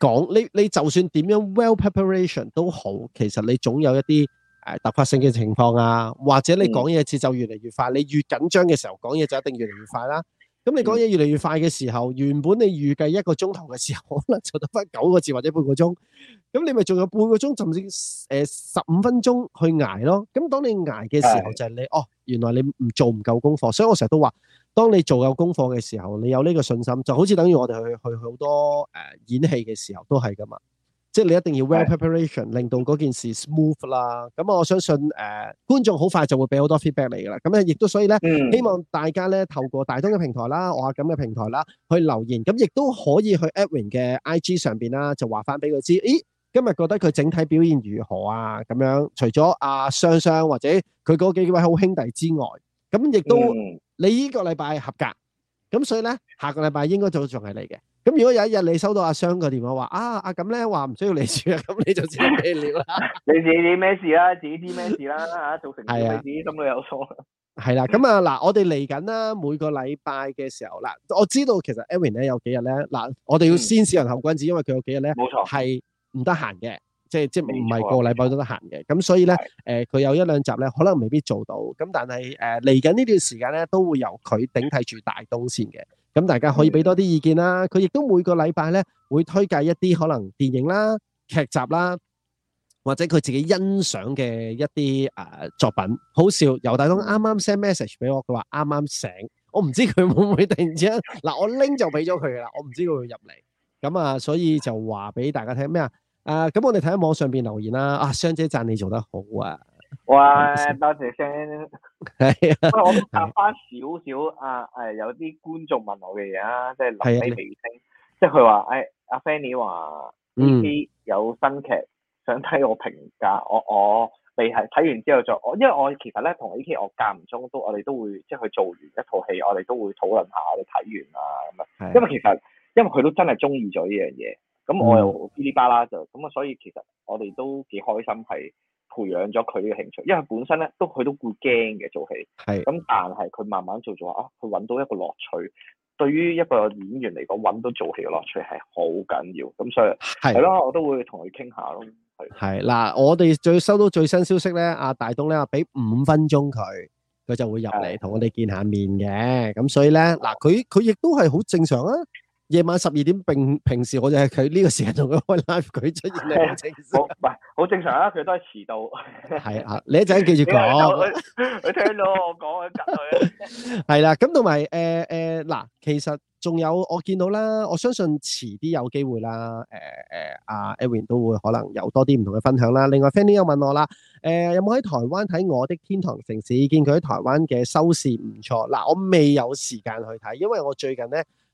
講你你就算點樣 well preparation 都好，其實你總有一啲誒突發性嘅情況啊，或者你講嘢節奏越嚟越快，嗯，你越緊張嘅時候講嘢就一定越嚟越快啦。咁你講嘢越嚟越快嘅時候，原本你預計一個鐘頭嘅時候，可能就得翻九個字或者半個鐘，咁你咪仲有半個鐘，甚至誒十五分鐘去挨咯。咁當你挨嘅時候就，就係你哦，原來你唔做唔夠功課，所以我成日都話，當你做夠功課嘅時候，你有呢個信心，就好似等於我哋去去好多誒演戲嘅時候都係噶嘛。即係你一定要 well preparation，令到嗰件事 smooth 啦。咁啊，我相信誒觀眾好快就會俾好多 feedback 嚟噶啦。咁咧，亦都所以咧，希望大家咧透過大東嘅平台啦，我阿感嘅平台啦，去留言。咁亦都可以去 Edwin 嘅 IG 上邊啦，就話翻俾佢知。咦，今日覺得佢整體表現如何啊？咁樣，除咗阿雙雙或者佢嗰幾位好兄弟之外，咁亦都你呢個禮拜合格。咁所以咧，下個禮拜應該就仲係你嘅。咁如果有一日你收到阿商個電話，話啊，阿咁咧話唔需要你住啊，咁你就知咩料啦？你自己啲咩事啦、啊？自己啲咩事啦？吓做成係啊，自己心裏有數啦。係啦、啊，咁啊嗱、啊，我哋嚟緊啦，每個禮拜嘅時候嗱、啊，我知道其實 Aaron 咧有幾日咧嗱，我哋要先試人後君子，因為佢有幾日咧冇錯係唔得閒嘅，即係即係唔係個禮拜都得閒嘅。咁所以咧，誒佢、呃、有一兩集咧，可能未必做到。咁但係誒嚟緊呢段時間咧，都會由佢頂替住大東先嘅。咁大家可以俾多啲意見啦，佢亦都每個禮拜咧會推介一啲可能電影啦、劇集啦，或者佢自己欣賞嘅一啲誒作品。好笑，游大東啱啱 send message 俾我，佢話啱啱醒，我唔知佢會唔會突然之間嗱，我拎就俾咗佢噶啦，我唔知佢會入嚟。咁啊，所以就話俾大家聽咩啊？誒，咁我哋睇喺網上邊留言啦。啊，雙姐讚你做得好啊！哇，多謝聲。係 啊，我答翻少少啊，係有啲觀眾問我嘅嘢啊，即係留低微信。即係佢話，誒、就是，阿、哎、Fanny 話呢啲有新劇想睇，我評價我我你係睇完之後再，我因為我其實咧同呢 k 我間唔中都我哋都會即係佢做完一套戲，我哋都會討論下我哋睇完啊咁啊。因為其實因為佢都真係中意咗呢樣嘢，咁我又嗶哩巴啦就咁啊，所以其實我哋都幾開心係。培養咗佢嘅興趣，因為佢本身咧都佢都會驚嘅做戲，係咁但係佢慢慢做做啊，佢搵到一個樂趣。對於一個演員嚟講，搵到做戲嘅樂趣係好緊要，咁所以係係咯，我都會同佢傾下咯。係嗱，我哋最收到最新消息咧，阿大東咧俾五分鐘佢，佢就會入嚟同我哋見下面嘅。咁所以咧，嗱佢佢亦都係好正常啊。夜晚十二點並平時我就係佢呢個時間同佢開 live，佢出現嚟好唔係好正常啊！佢都係遲到。係啊，你一陣記住講，佢聽到我講，佢跟佢。係啦，咁同埋誒誒嗱，其實仲有我見到啦，我相信遲啲有機會啦。誒誒，阿 Edwin 都會可能有多啲唔同嘅分享啦。另外，Fanny 又問我啦，誒有冇喺台灣睇《我的天堂城市》？見佢喺台灣嘅收視唔錯。嗱，我未有時間去睇，因為我最近咧。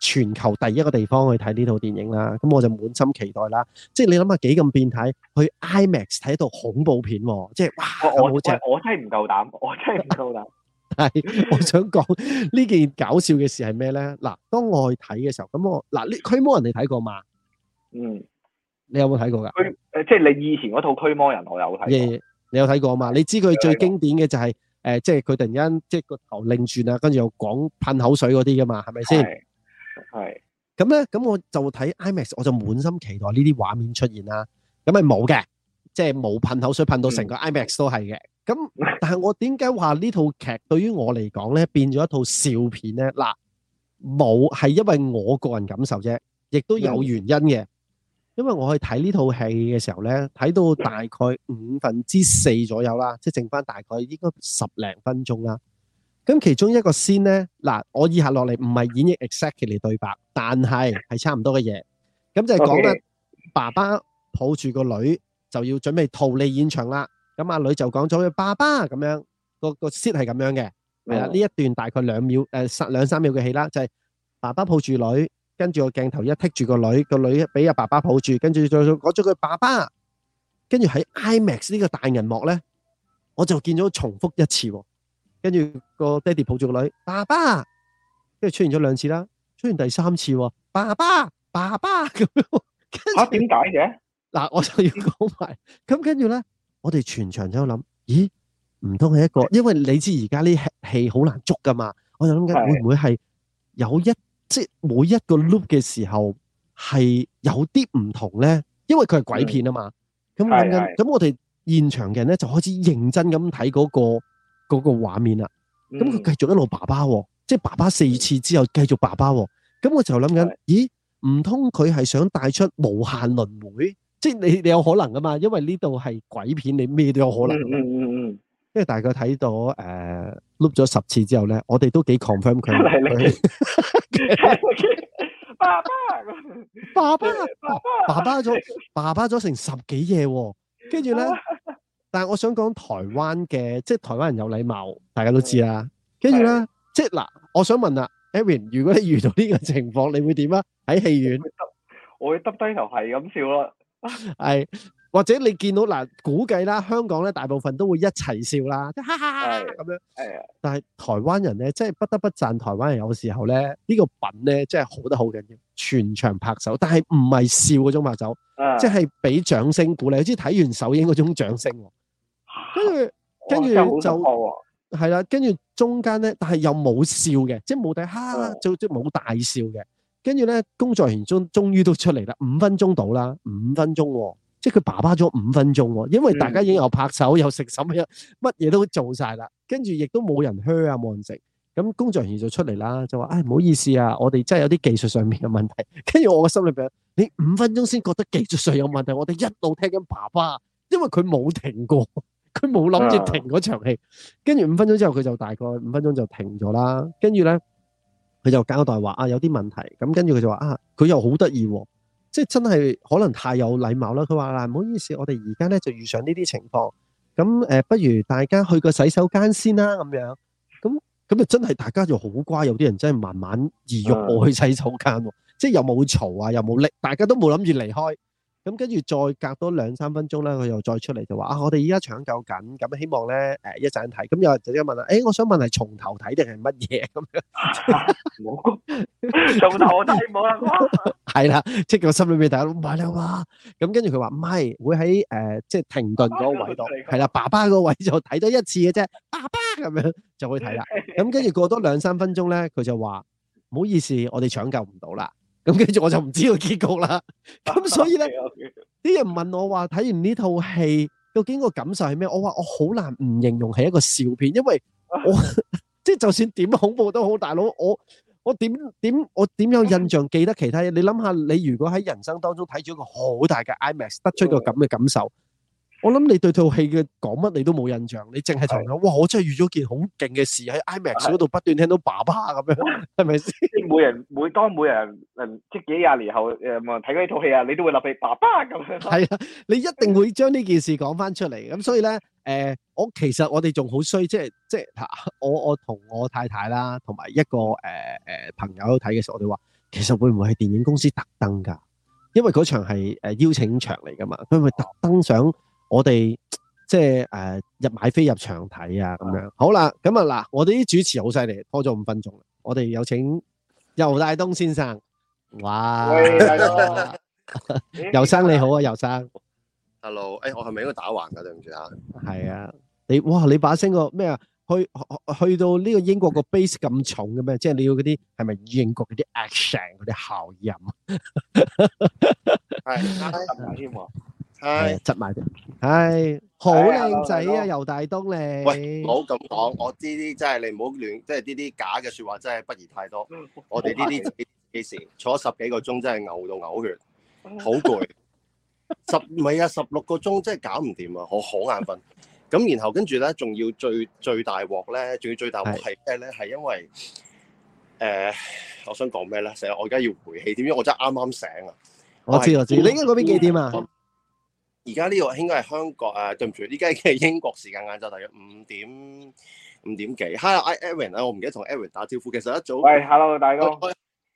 全球第一個地方去睇呢套電影啦，咁我就滿心期待啦。即係你諗下幾咁變態，去 IMAX 睇一套恐怖片，啊，即係哇！我我我真係唔夠膽，我真係唔夠膽。 但係我想講呢 件搞笑嘅事係咩咧？嗱，當我去睇嘅時候，咁我嗱呢《驅魔人》你睇過嘛？嗯，你有冇睇過噶？誒，即係你以前嗰套《驅魔人》，我有睇。誒，你有睇過嘛？你知佢最經典嘅就係、是、誒、呃，即係佢突然間即係個頭擰轉啊，跟住又講噴口水嗰啲噶嘛，係咪先？係，咁咧，咁我就睇 IMAX，我就滿心期待呢啲畫面出現啦。咁係冇嘅，即係冇噴口水噴到成個 IMAX 都係嘅。咁但係我點解話呢套劇對於我嚟講咧變咗一套笑片咧？嗱，冇係因為我個人感受啫，亦都有原因嘅。因為我去睇呢套戲嘅時候咧，睇到大概五分之四左右啦，即係剩翻大概應該十零分鐘啦。咁其中一個先咧，嗱，我以下落嚟唔係演繹 exactly 嚟對白，但係係差唔多嘅嘢。咁就係講緊爸爸抱住個女就要準備逃離現場啦。咁阿女就講咗佢爸爸咁樣，個個 set 係咁樣嘅。係啦，呢一段大概兩秒誒，三兩三秒嘅戲啦，就係爸爸抱住女，跟住個鏡頭一剔住個女，個女俾阿爸爸抱住，跟住就講咗佢爸爸。跟住喺 IMAX 呢個大銀幕咧，我就見咗重複一次喎。跟住個爹哋抱住個女，爸爸，跟住出現咗兩次啦，出現第三次，爸爸，爸爸咁樣，跟住點解嘅？嗱，我就要講埋，咁跟住咧，我哋全場就諗，咦，唔通係一個？因為你知而家呢戲好難捉噶嘛，我就諗緊會唔會係有一即係每一個 loop 嘅時候係有啲唔同咧？因為佢係鬼片啊嘛，咁咁咁，我哋現場嘅人咧就開始認真咁睇嗰個。嗰、那個畫面啦、啊，咁、嗯、佢繼續一路爸爸、啊，即係爸爸四次之後繼續爸爸、啊，咁我就諗緊，咦？唔通佢係想帶出無限輪迴？即係你你有可能噶嘛？因為呢度係鬼片，你咩都有可能的。嗯嗯嗯。因、嗯、為大概睇到呃，碌咗十次之後咧，我哋都幾 confirm 佢。 爸爸、哦、爸爸 爸爸、啊、爸爸咗爸爸咗成十幾夜喎，跟住咧。但係我想講台灣嘅，即係台灣人有禮貌，大家都知啦。跟住咧，即係嗱，我想問啦 Edwin，如果你遇到呢個情況，你會點啊？喺戲院，我會耷低頭係咁笑啦。係， 或者你見到嗱、呃，估計啦，香港咧大部分都會一齊笑啦，即係哈哈哈咁樣。係但係台灣人咧，即係不得不讚台灣人，有時候咧呢、這個品咧，即係好得好緊要。全場拍手，但係唔係笑嗰種拍手，即係俾掌聲鼓勵，好似睇完首映嗰種掌聲。跟住、啊，跟住就係啦。跟住中間咧，但係又冇笑嘅，即係冇睇哈，就即冇大笑嘅。跟住咧，工作人員終終於都出嚟啦，五分鐘到啦，五分鐘、哦，即係佢爸爸咗五分鐘、哦，因為大家已經又拍手又食什乜嘢，乜嘢都做晒啦。跟住亦都冇人嘘啊，冇人食。咁工作人員就出嚟啦，就話：，唉、哎，唔好意思啊，我哋真係有啲技術上面嘅問題。跟住我個心裏邊，你五分鐘先覺得技術上有問題？我哋一路聽緊爸爸，因為佢冇停過。佢冇諗住停嗰場戲，跟住五分鐘之後佢就大概五分鐘就停咗啦。跟住咧，佢就交代話啊，有啲問題。咁跟住佢就話啊，佢又好得意，即係真係可能太有禮貌啦。佢話嗱，唔好意思，我哋而家咧就遇上呢啲情況。咁誒、呃，不如大家去個洗手間先啦，咁樣。咁咁就真係大家就好乖，有啲人真係慢慢移我去洗手間，嗯、即係又冇嘈啊，又冇力大家都冇諗住離開。咁跟住再隔多兩三分鐘咧，佢又再出嚟就話啊，我哋依家搶救緊，咁希望咧誒一陣睇。咁又有人就問啊，誒，我想問係從頭睇定係乜嘢咁樣？從頭睇冇啦，係啦，即係我心裏面大家都唔係啦嘛。咁跟住佢話唔係，會喺誒即係停頓嗰個位度，係啦，爸爸嗰個位就睇多一次嘅啫，爸爸咁樣就會睇啦。咁跟住過多兩三分鐘咧，佢就話唔好意思，我哋搶救唔到啦。咁跟住我就唔知個結局啦。咁所以咧，啲人問我話，睇完呢套戲究竟個感受係咩？我話我好難唔形容係一個笑片，因為我即係就算點恐怖都好，大佬我我點點我點有印象記得其他嘢？你諗下，你如果喺人生當中睇咗一個好大嘅 IMAX，得出個咁嘅感受。我諗你對套戲嘅講乜你都冇印象，你淨係同人講，哇！我真係遇咗件好勁嘅事喺 IMAX 嗰度不斷聽到爸爸咁樣，係咪先？每人每當每人即係幾廿年後誒睇過呢套戲啊，你都會立畀爸爸咁樣。係啦，你一定會將呢件事講翻出嚟。咁所以咧，誒、呃，我其實我哋仲好衰，即係即係我我同我太太啦，同埋一個誒誒、呃、朋友睇嘅時候，我哋話其實會唔會係電影公司特登噶？因為嗰場係誒邀請場嚟噶嘛，佢咪特登想。我哋即係誒、呃、入買飛入場睇啊咁樣、嗯，好啦，咁啊嗱，我哋啲主持好犀利，拖咗五分鐘啦。我哋有請游大東先生。哇， 游生你好啊，游生。Hello，誒、欸，我係咪應該打橫噶？對唔住啊！係啊，你哇，你把聲個咩啊？去去到呢個英國個 base 咁重嘅咩？即、就、係、是、你要嗰啲係咪英國嗰啲 action 嗰啲效應？係、 哎，哎 係，執埋、啊。唉，好靚仔啊，游、啊、大東你。喂，唔好咁講，我呢啲真係你唔好亂，即係呢啲假嘅說話真係不宜太多。 我哋呢啲幾時坐咗十幾個鐘，真係嘔到嘔血，好攰。十 唔係啊，十六個鐘真係搞唔掂啊，我好眼瞓。咁然後跟住咧，仲要最最大鑊咧，仲要最大鑊係咩咧？係因為誒、呃，我想講咩咧？成日我而家要回氣，點知我真係啱啱醒啊！我知我，我知，我知，你應該嗰邊幾點啊？而家呢度應該係香港誒，對唔住，依家係英國時間晏晝，大約五點五點幾。Hi, I'm Edwin 啊，我唔記得同 Edwin 打招呼。其實一早喂，Hello 大哥，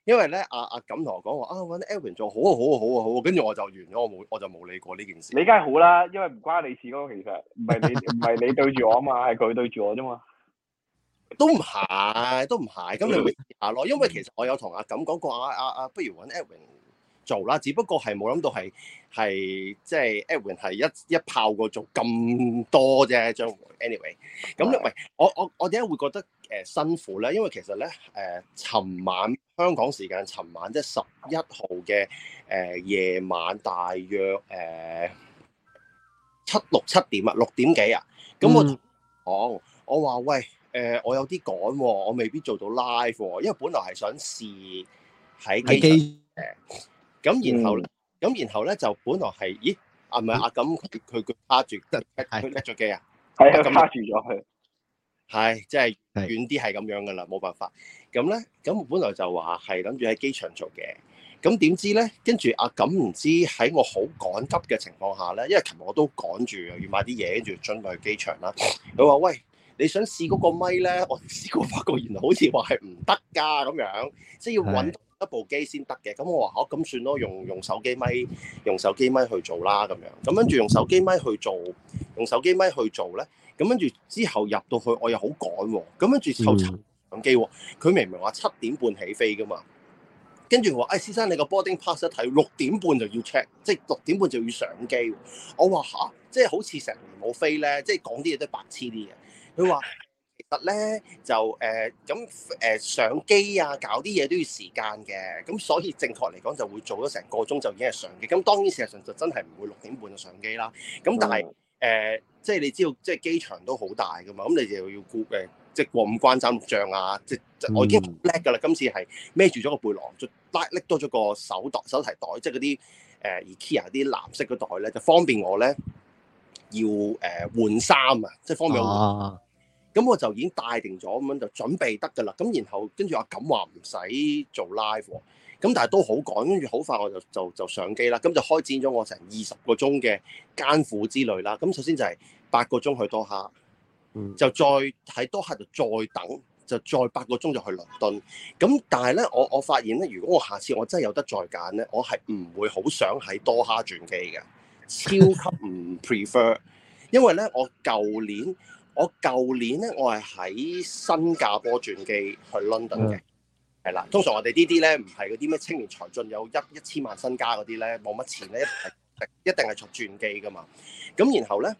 因為咧阿阿錦同我講話啊，揾、啊、Edwin、啊、做好啊好啊好啊好啊，跟住、啊啊啊、我就完咗，我冇我就冇理過呢件事。你梗係好啦，因為唔關你事咯，其實唔係你唔係 你對住我啊嘛，係佢對住我啫嘛。都唔係，都唔係，咁、嗯、你咪下咯。因為其實我有同阿錦講過，阿啊，阿、啊，不如揾 Edwin。做啦，只不過係冇諗到係，係即係，Edwin 係一一炮過做咁多啫。將 anyway，咁唔喂，我我我點解會覺得誒、呃、辛苦咧？因為其實咧誒，尋、呃、晚香港時間尋晚即係十一號嘅誒夜晚，大約誒七六七點啊，六點幾啊。咁我講、嗯哦、我話喂誒、呃，我有啲趕喎、啊，我未必做到 live 喎、啊，因為本來係想試喺基咁然後呢，咁、嗯、然後咧就本來係，咦啊唔係阿錦佢佢卡住，佢甩咗機啊，係啊卡住咗佢，係即係遠啲係咁樣噶啦，冇辦法。咁咧咁本來就話係諗住喺機場做嘅，咁點知咧跟住阿錦唔知喺我好趕急嘅情況下咧，因為琴日我都趕住要買啲嘢，跟住準備去機場啦。佢話：喂，你想試嗰個咪咧？我試過發覺原來好似話係唔得㗎咁樣，即、就、係、是、要揾。一部機先得嘅，咁我話哦，咁算咯，用用手機咪用手機咪去做啦咁樣，咁跟住用手機咪去做，用手機咪去做咧，咁跟住之後入到去我又好趕，咁跟住要上機，佢明明話七點半起飛噶嘛跟住我話，哎先生，你個 boarding pass 一睇，六點半就要 check，即係六點半就要上機，我話吓、啊，即係好似成年冇飛咧，即係講啲嘢都白痴啲嘅，佢話。咧，就誒咁誒上機啊，搞啲嘢都要時間嘅，咁所以正確嚟講就會做咗成個鐘就已經係上機。咁當然事實上就真係唔會六點半就上機啦。咁但係誒、嗯呃、即係你知道，即係機場都好大噶嘛，咁你就要 group 誒即係過唔慣針像啊，即即、嗯、我已經叻噶啦，今次係孭住咗個背囊，再拉拎多咗個手袋手提袋，即係嗰啲誒而 Kia 啲藍色嗰袋咧，就方便我咧要誒換衫啊，即係方便咁我就已經帶定咗，咁樣就準備得噶啦。咁然後跟住阿錦話唔使做 live，咁但係都好趕，跟住好快我就就就上機啦。咁就開展咗我成二十個鐘嘅艱苦之旅啦。咁首先就係八個鐘去多哈，嗯、就再喺多哈度再等，就再八個鐘就去倫敦。咁但係咧，我我發現咧，如果我下次我真係有得再揀咧，我係唔會好想喺多哈轉機嘅，超級唔 prefer。 因為咧，我舊年。我舊年咧，我係喺新加坡轉機去 London 嘅，係、嗯、啦。通常我哋呢啲咧，唔係嗰啲咩青年才俊有一一千萬身家嗰啲咧，冇乜錢咧，一定係坐轉機噶嘛。咁然後咧，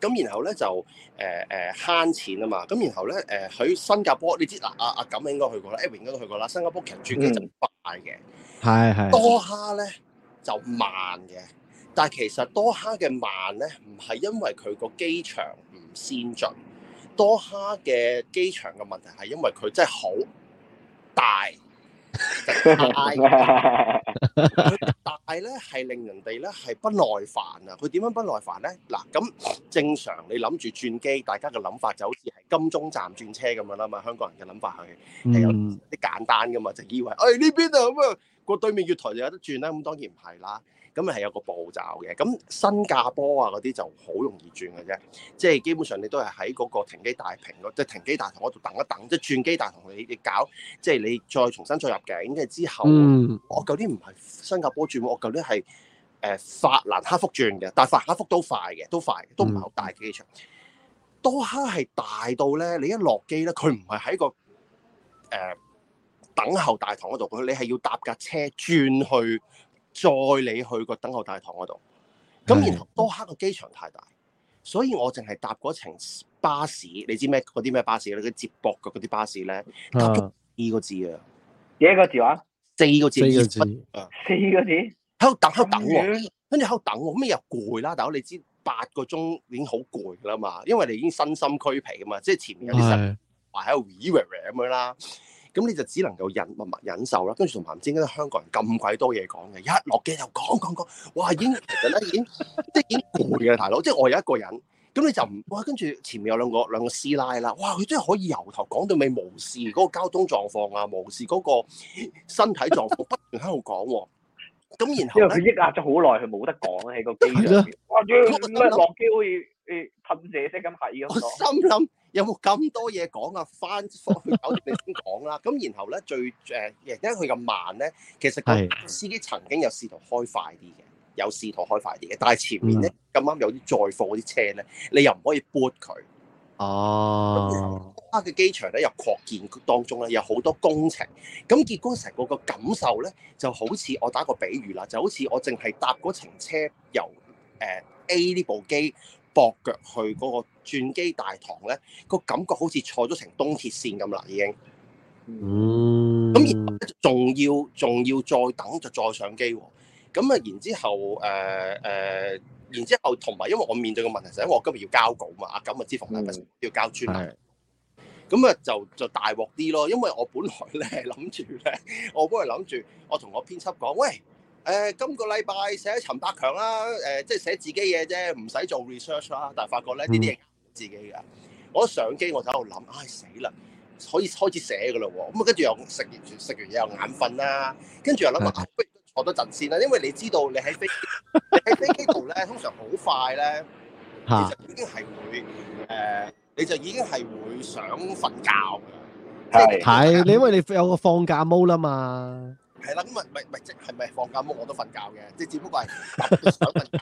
咁然後咧就誒誒慳錢啊嘛。咁然後咧誒喺新加坡你知嗱，阿阿感應該去過啦 Edwin 都去過啦。新加坡其實轉機就快嘅，係、嗯、係多哈咧就慢嘅，但係其實多哈嘅慢咧唔係因為佢個機場。先進多哈嘅機場嘅問題係因為佢真係好大，大呢係令人哋呢係不耐煩啊！佢點樣不耐煩呢？嗱咁正常你諗住轉機，大家嘅諗法就好似係金鐘站轉車咁樣啦嘛，香港人嘅諗法係係有啲簡單㗎嘛，就以為誒呢邊啊咁啊，嗰對面月台就有得轉啦，咁當然唔係啦。咁咪係有個步驟嘅，咁新加坡啊嗰啲就好容易轉嘅啫，即係基本上你都係喺嗰個停機大屏，即係停機大堂嗰度等一等，即係轉機大堂你你搞，即、就、係、是、你再重新再入境嘅之後，嗯、我舊啲唔係新加坡轉，我舊啲係誒法蘭克福轉嘅，但係法蘭克福都快嘅，都快，嘅，都唔係好大機場。嗯、多哈係大到咧，你一落機咧，佢唔係喺個誒、呃、等候大堂嗰度，佢你係要搭架車轉去。再你去個等候大堂嗰度，咁然後多哈個機場太大，是所以我淨係搭嗰程巴士，你知咩嗰啲咩巴士你嗰啲接駁嘅嗰啲巴士咧，四個、啊、個字啊，幾多個字話？四個字，四個字。啊、四個字喺度等，喺度等，跟住喺度等喎，咁又攰啦。大佬你知八個鐘已經好攰㗎啦嘛，因為你已經身心俱疲㗎嘛，即係前面有啲人話喺度以為咁樣啦。咁你就只能夠忍默默忍受啦，跟住同埋唔知點解香港人咁鬼多嘢講嘅，一落機又講講講，哇，已經其實咧已經即係 已經攰啦大佬，即係我有一個人，咁你就唔哇，跟住前面有兩個兩個師奶啦，哇佢真係可以由頭講到尾，無視嗰個交通狀況啊，無視嗰個身體狀況不，不斷喺度講喎。咁然後佢抑壓咗好耐，佢冇得講喺個機上落 機好似誒噴射式咁喺，咁我心諗。有冇咁多嘢講啊？翻翻去搞掂你先講啦。咁 然後咧，最誒、呃，因為佢咁慢咧，其實個司機曾經有試圖開快啲嘅，有試圖開快啲嘅。但係前面咧咁啱有啲載貨嗰啲車咧，你又唔可以撥佢。哦。啊嘅機場咧又擴建當中咧，有好多工程。咁結果成個感受咧，就好似我打個比喻啦，就好似我淨係搭嗰程車由誒、呃、A 呢部機。駁腳去嗰個轉機大堂咧，個感覺好似坐咗成東鐵線咁啦已經。嗯。咁而仲要仲要再等就再上機喎。咁啊然之後誒誒，然之後同埋、呃呃、因為我面對嘅問題就係因為我今日要交稿嘛，咁啊支付要交專。咁啊就就大鑊啲咯，因為我本來咧諗住咧，我本來諗住我同我編輯講，喂。誒今個禮拜寫阿陳百強啦，誒即係寫自己嘢啫，唔使做 research 啦，但係發覺咧呢啲嘢呃自己嘅。我一上機我就喺度諗，唉死啦，可以開始寫嘅咯喎。咁啊跟住又食完食完嘢又眼瞓啦，跟住又諗啊，坐多陣先啦。因為你知道你喺飛，你喺飛機度咧通常好快咧，其實已經係會誒，你就已經係會想瞓覺嘅。係係，你因為你有個放假 mode 啦嘛。係啦，咁啊，咪咪即係咪放假，我都瞓覺嘅，即係只不過係想瞓覺。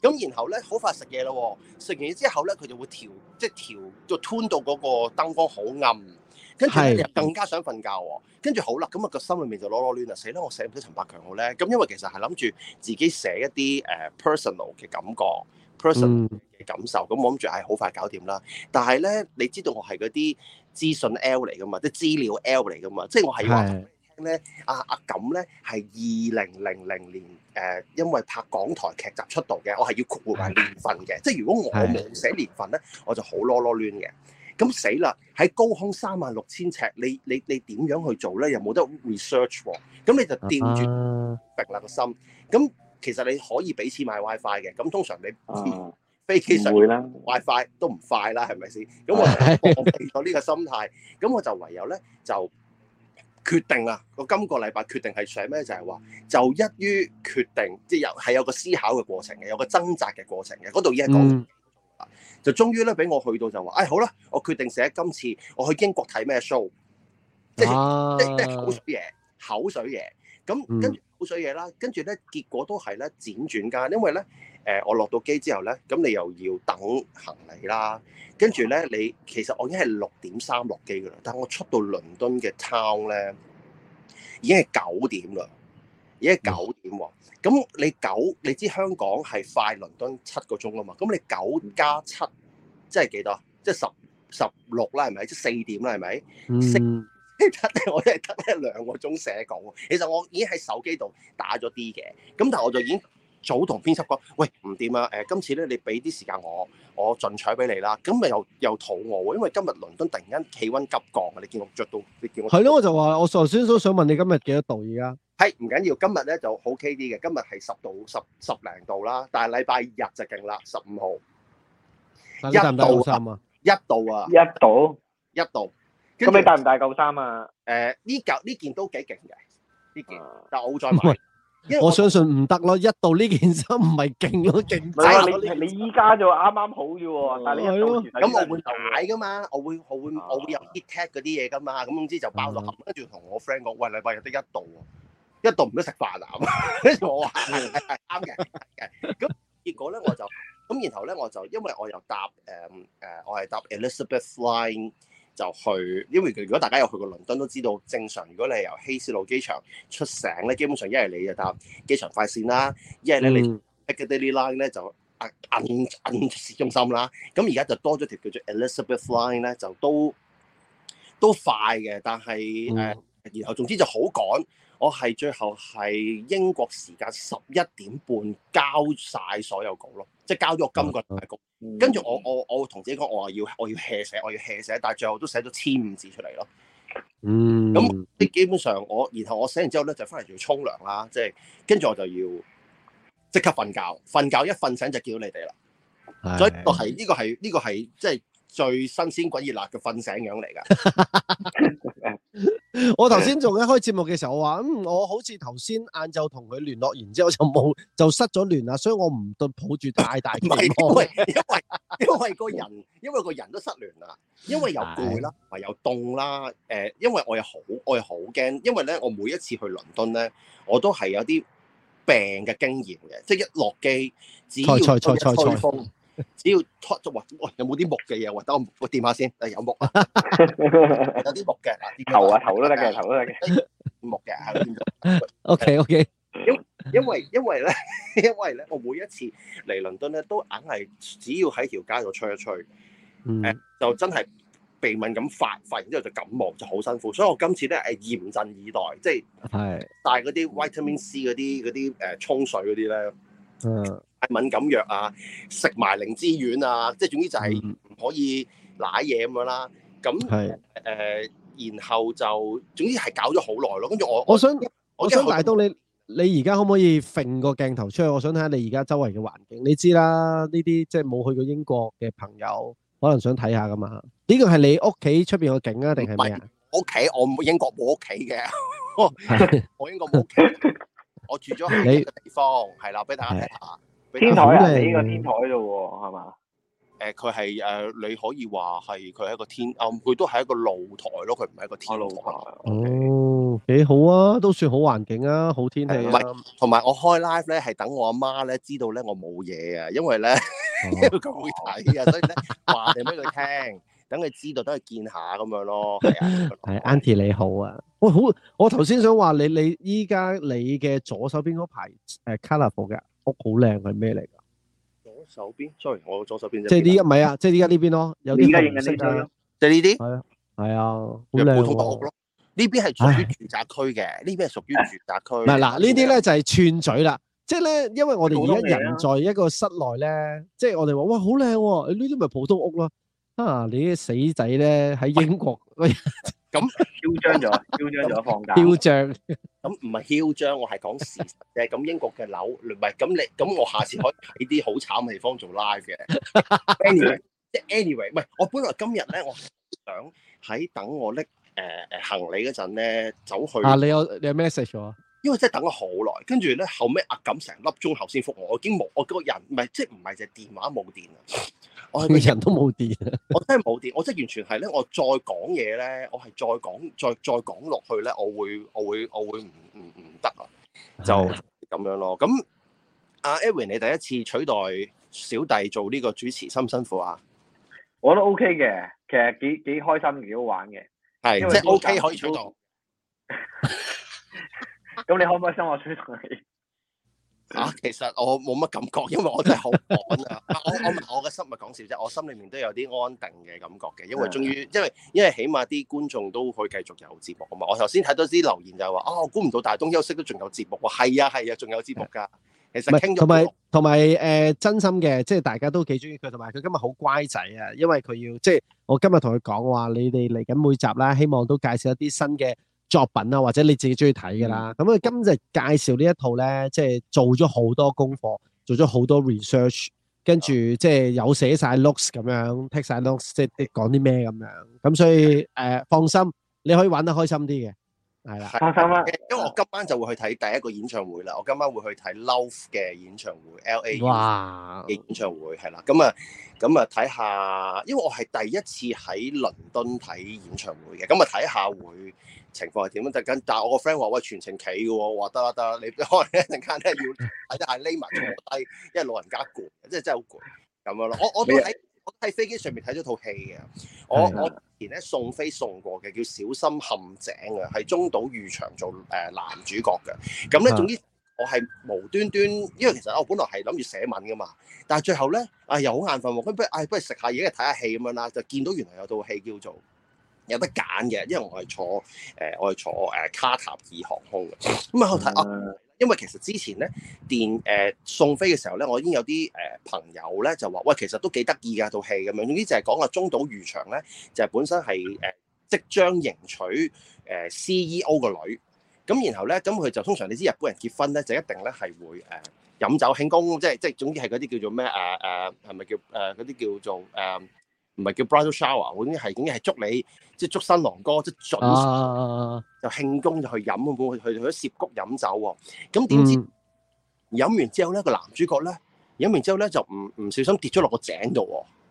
咁 然後咧，好快食嘢啦，食完嘢之後咧，佢就會調，即係調個 turn 到嗰個燈光好暗，跟住咧更加想瞓覺。跟住好啦，咁、那、啊個心裏面就囉囉攣啦，死啦！我寫唔寫陳百強好咧？咁因為其實係諗住自己寫一啲誒 personal 嘅感覺，personal 嘅、嗯、感受。咁我諗住係好快搞掂啦。但係咧，你知道我係嗰啲資訊 L 嚟㗎嘛，即、就、係、是、資料 L 嚟㗎嘛，即係我係咧、啊，阿阿錦咧係二零零零年誒、呃，因為拍港台劇集出道嘅，我係要括埋年份嘅，即係如果我冇寫年份咧，我就好囉囉攣嘅。咁死啦！喺高空三萬六千尺，你你你點樣去做咧？又冇得 research 喎。咁你就吊住揼立個心。咁、uh-huh. 其實你可以俾錢買 WiFi 嘅。咁通常你、uh, 飛機上啦 WiFi 都唔快啦，係咪先？咁我放棄咗呢個心態。咁 我就唯有咧就。決定啊！我今個禮拜決定係寫咩？就係、是、話就一於決定，即係有係有個思考嘅過程嘅，有個掙扎嘅過程嘅。嗰度已經講，就終於咧俾我去到就話，哎好啦，我決定寫今次我去英國睇咩 show，啊、即係即係口水嘢，口水嘢咁跟住口水嘢啦、嗯，跟住咧結果都係咧輾轉間，因為咧。誒，我落到機之後咧，咁你又要等行李啦，跟住咧，你其實我已經係六點三落機噶啦，但我出到倫敦嘅 town 咧，已經係九點啦，已經係九點喎。咁你九，你知香港係快倫敦七個鐘啊嘛，咁你九加七，即係幾多？即係十十六啦，係咪？即係四點啦，係咪？嗯。 我真係得一兩個鐘寫稿。其實我已經喺手機度打咗啲嘅，咁但係我就已經。早同編輯講，喂唔掂啊！誒，今次咧你俾啲時間我，我盡取俾你啦。咁咪又又肚餓喎，因為今日倫敦突然間氣温急降啊！你見我著到，你見我係咯，我就話我頭先都想問你今日幾多度？而家係唔緊要，今日咧就好 OK 啲嘅，今日係十度十十零度啦，但係禮拜日就勁啦，十五號一度十啊，一度啊，一度一度，咁你帶唔帶夠衫啊？誒呢嚿呢件都幾勁嘅，呢件，但係我會再買。我，我相信唔得咯，一度呢件衫唔係勁咯，勁滯咯。你你依家就啱啱好啫喎。但係你咁，我會踩噶嘛，我會我會我會入啲 h t check 嗰啲嘢噶嘛，咁總之就爆落，跟住同我 friend 講，喂，禮拜日得一度喎，一度唔得食飯啊。跟住我話係係啱嘅嘅，咁結果咧我就咁，然後咧我就因為我又搭誒誒，我係搭 Elizabeth Line 就去，因為如果大家有去過倫敦都知道，正常如果你係由希斯路機場出城咧，基本上一係你就搭機場快線啦，一係咧你 Daily Line 咧就啊近近市中心啦。咁而家就多咗條叫做 Elizabeth Line 咧，就都都快嘅，但係誒、嗯，然後總之就好趕。我係最後係英國時間十一點半交晒所有稿咯。即係交咗金個大局，跟住我我我會同自己講，我話要我要寫，我要寫，但係最後都寫咗千五字出嚟咯。嗯，咁你基本上我，然後我寫完之後咧，就翻嚟要沖涼啦，即係跟住我就要即刻瞓覺，瞓覺一瞓醒就見到你哋啦。所以個係呢、呢個係呢、呢個係即係。就是最新鮮滾熱辣嘅瞓醒樣嚟㗎！我頭先做緊開節目嘅時候，我話：嗯，我好似頭先晏晝同佢聯絡，完之後就冇就失咗聯啊！所以我唔對抱住太大期望， 因為，因為，因為因為個人因為個人都失聯啦，因為又攰啦，同埋又凍啦。誒，因為我又好我又好驚，因為咧我每一次去倫敦咧，我都係有啲病嘅經驗嘅，即係一落機只要一吹一只要拖就話，有冇啲木嘅嘢？或者我掂下先，誒有木，有木 啊，有啲木嘅頭啊頭都得嘅，頭都得嘅，木嘅。O K O K，因因為因為咧，因為咧，我每一次嚟倫敦咧，都硬係只要喺條街度吹一吹，誒、嗯嗯、就真係鼻敏感發，發完之後就感冒，就好辛苦。所以我今次咧係嚴陣以待，即係，係，帶嗰啲 Vitamin C 嗰啲嗰啲誒沖水嗰啲咧。嗯，敏感藥啊，食埋靈芝丸啊，即係總之就係唔可以舐嘢咁樣啦。咁、嗯、誒、呃，然後就總之係搞咗好耐咯。跟住我，我想，我，我想大東你，你而家可唔可以揈個鏡頭出去？我想睇下你而家周圍嘅環境。你知啦，呢啲即係冇去過英國嘅朋友，可能想睇下㗎嘛。呢個係你屋企出邊個景啊？定係咪？啊？屋企我唔冇英國冇屋企嘅，我英國冇屋企。 我住咗喺呢個地方，係啦，俾大家睇下。天台係呢個天台度喎，係嘛？誒，佢係誒，你可以話係佢係一個天，佢都係一個露台咯，佢唔係一個天台。哦，幾好啊，都算好環境啊，好天氣啊。唔係，同埋我開 live 咧，係等我阿媽咧知道咧我冇嘢啊，因為咧佢會睇啊，所以咧話俾佢聽。等佢知道，等佢見下咁樣咯。係啊，係 Auntie 你好啊。喂，好，我頭先想話你，你依家你嘅左手邊嗰排誒、呃、colourful 嘅屋好靚，係咩嚟㗎？左手邊，sorry，我左手邊即係呢一咪啊，即係呢一呢邊咯。有啲型嘅色咯，即係呢啲係啊，好、就、靚、係啊啊啊。普通屋咯，呢邊係屬於住宅區嘅，呢邊係屬於住宅區。唔嗱、啊，係啊、呢啲咧就係串嘴啦。即係咧，因為我哋而家人在一個室內咧、啊，即係我哋話哇，好靚喎！呢啲咪普通屋咯？啊！你啲死仔咧喺英國喂咁囂張咗，囂張咗放假囂張咁唔係囂張，我係講事實嘅。咁英國嘅樓唔係咁你咁我下次可以喺啲好慘嘅地方做 live 嘅。Anyway，即係 Anyway，唔係我本來今日咧，我想喺等我拎誒誒行李嗰陣咧，走去啊！你有你有 message 咗啊？因為真係等咗好耐，跟住咧後尾阿錦成粒鐘後先覆我，我已經冇我個人唔係即係唔係隻電話冇電啊！我係咪人都冇電？我真係冇電，我即係完全係咧。我再講嘢咧，我係再講，再再講落去咧，我會，我會，我會唔唔唔得啊！就咁樣咯。咁阿 Edwin，你第一次取代小弟做呢個主持，辛唔辛苦啊？我都 OK 嘅，其實幾幾開心，幾好玩嘅。係即係 OK 可以取代。咁你開唔開心我取代？啊，其實我冇乜感覺，因為我真係好趕啊。我我我嘅心咪講笑啫，我心裏面都有啲安定嘅感覺嘅，因為終於，因為因為起碼啲觀眾都可以繼續有節目啊嘛。我頭先睇到啲留言就係話，哦，我估唔到大東休息都仲有節目。係啊係啊，仲、啊啊、有節目噶。其實聽咗同埋同埋誒，真心嘅，即係大家都幾中意佢，同埋佢今日好乖仔啊，因為佢要即係我今日同佢講話，你哋嚟緊每集啦，希望都介紹一啲新嘅。作品啊，或者你自己中意睇嘅啦。咁、嗯、啊，今日介紹呢一套咧，即、就、係、是、做咗好多功課，做咗好多 research，跟住即係有寫晒 looks 咁樣，take 晒 looks，即係講啲咩咁樣。咁、嗯、所以、嗯呃、放心，你可以玩得開心啲嘅。係啦，放心啦。因為我今晚就會去睇第一個演唱會啦。我今晚會去睇 Loaf 嘅演唱會，L.A. 嘅演唱會，係啦。咁啊，咁啊睇下，因為我係第一次喺倫敦睇演唱會嘅。咁啊睇下會情況係點樣得緊。但係我個 friend 話：喂，全程企嘅喎。我話得啦得啦，你可能一陣間咧要睇得下匿埋坐低， 因為老人家攰，即係真係好攰咁樣咯。我我都睇，我喺飛機上面睇咗套戲嘅。我我。前咧送飛送過嘅叫小心陷阱啊，係中島裕翔做誒男主角嘅。咁咧總之我係無端端，因為其實我本來係諗住寫文㗎嘛，但係最後咧啊又好眼瞓喎，咁不如唉不如食下嘢睇下戲咁樣啦。就見到原來有套戲叫做有得揀嘅，因為我係坐誒我係坐誒卡塔爾航空嘅。咁啊睇啊～、嗯因為其實之前咧電誒、呃、送飛嘅時候咧，我已經有啲誒、呃、朋友咧就話：喂，其實都幾得意㗎套戲咁樣。總之就係講個中島裕場咧，就係、是、本身係誒、呃、即將迎娶誒、呃、CEO 個女。咁然後咧，咁佢就通常你知日本人結婚咧就一定咧係會誒飲、呃、酒慶功，即係即係總之係嗰啲叫做咩？啊啊係咪叫誒嗰啲叫做誒。呃唔係叫 bridal shower，好似係，竟然係祝你即係祝新郎哥即係、就是、準，就慶功就去飲，去去去澀谷飲酒喎。咁點知飲、嗯、完之後咧，個男主角咧飲完之後咧就唔唔小心跌咗落個井度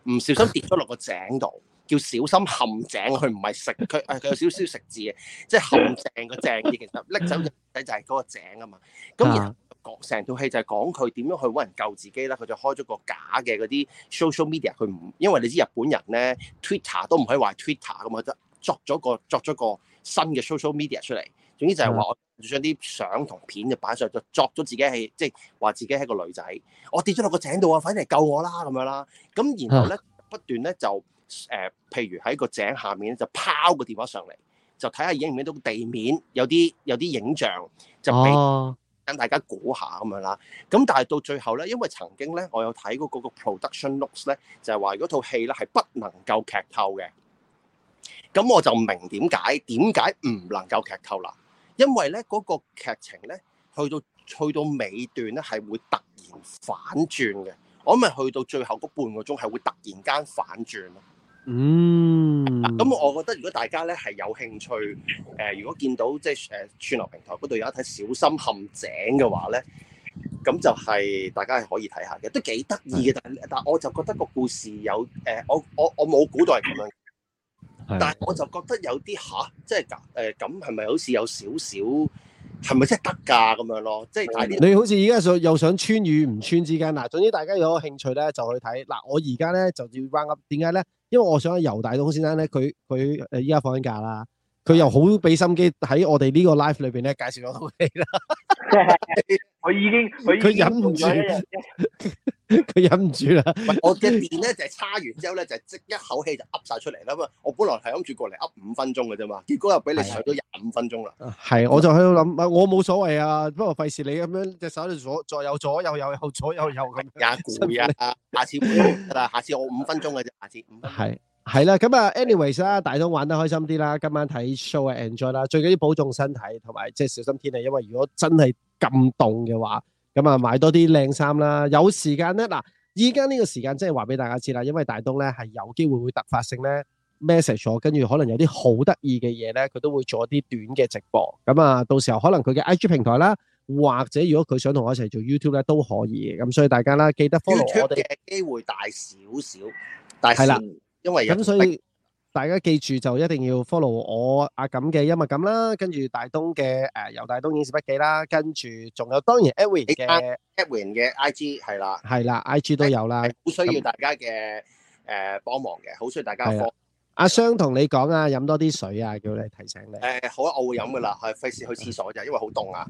喎，唔小心跌咗落個井度。 叫小心陷阱，佢唔係食佢，佢有少少食字嘅，即係陷阱個「正」字，其實拎走隻仔就係嗰個井啊嘛。咁 然後成套戲就係講佢點樣去揾人救自己啦。佢就開咗個假嘅嗰啲 social media，佢唔因為你知日本人咧，Twitter 都唔可以話 Twitter 咁啊，就作咗個作咗個新嘅 social media 出嚟。總之就係話我將啲相同片就擺上，就作咗自己係即係話自己係一個女仔，我跌咗落個井度啊，快啲嚟救我啦咁樣啦。咁然後咧 不斷咧就。誒、呃，譬如喺個井下面咧，就拋個電話上嚟，就睇下影唔影到地面有啲有啲影像，就俾等大家估下咁、啊、樣啦。咁但係到最後咧，因為曾經咧，我有睇過嗰個 production notes 咧，就係話嗰套戲咧係不能夠劇透嘅。咁我就唔明點解點解唔能夠劇透啦？因為咧嗰、那個劇情咧，去到去到尾段咧係會突然反轉嘅。我咪去到最後嗰半個鐘係會突然間反轉咯。嗯咁、嗯、我覺得如果大家咧係有興趣，誒、呃，如果見到即係誒串流平台嗰度有一睇小心陷阱嘅話咧，咁就係大家係可以睇下嘅，都幾得意嘅。但但我就覺得個故事有誒、呃，我我我冇估到係咁樣，但係我就覺得有啲嚇、啊，即係誒咁係咪好似有少少係咪即係得㗎咁樣咯？即係、這個、你好似而家又想穿與唔穿之間嗱。總之大家有興趣咧就去睇嗱，我而家咧就要 round up 點解咧？因為我想游大東先生呢，佢佢依家放緊假啦。佢又好俾心機喺我哋呢個 life 裏邊咧介紹咗套戲啦，佢已經佢忍唔住，佢忍唔住啦。我嘅面咧就係叉完之後咧就即、是、一口氣就噏晒出嚟啦嘛。我本來係諗住過嚟噏五分鐘嘅啫嘛，結果又俾你上咗廿五分鐘啦。係， 我就喺度諗，我冇所謂啊。不過費事你咁樣隻手喺度左左右左右左右左右左右咁廿股啊 下，下次，但係下次我五分鐘嘅啫，下次五係。係啦，咁啊，anyways 啦，大東玩得開心啲啦，今晚睇 show 係 enjoy 啦，最緊要保重身體同埋即係小心天氣，因為如果真係咁凍嘅話，咁啊買多啲靚衫啦。有時間咧，嗱，依家呢個時間真係話俾大家知啦，因為大東咧係有機會會突發性咧 message 咗，跟住可能有啲好得意嘅嘢，咧，佢都會做一啲短嘅直播。咁啊，到時候可能佢嘅 IG 平台啦，或者如果佢想同我一齊做 YouTube 咧都可以。咁所以大家啦，記得 follow 我哋。YouTube 嘅機會大少少，係啦。咁所以大家記住就一定要 follow 我阿感嘅音樂感啦，跟住大東嘅誒由大東影視筆記啦，跟住仲有當然 Edwin 嘅 Edwin 嘅 IG 係啦，係啦 IG 都有啦，好需要大家嘅誒幫忙嘅，好需要大家 follow。阿湘同你講啊，飲多啲水啊，叫你提醒你。誒，好啊，我會飲噶啦，係費事去廁所嘅，因為好凍啊。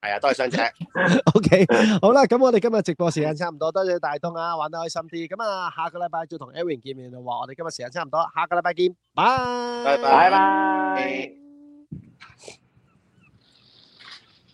係啊，多謝上姐。 OK，好啦，咁我哋今日直播時間差唔多，多謝大東啊，玩得開心啲。咁啊，下個禮拜再同 Edwin 見面啦。話我哋今日時間差唔多，下個禮拜見，拜拜拜。Bye bye. Bye bye.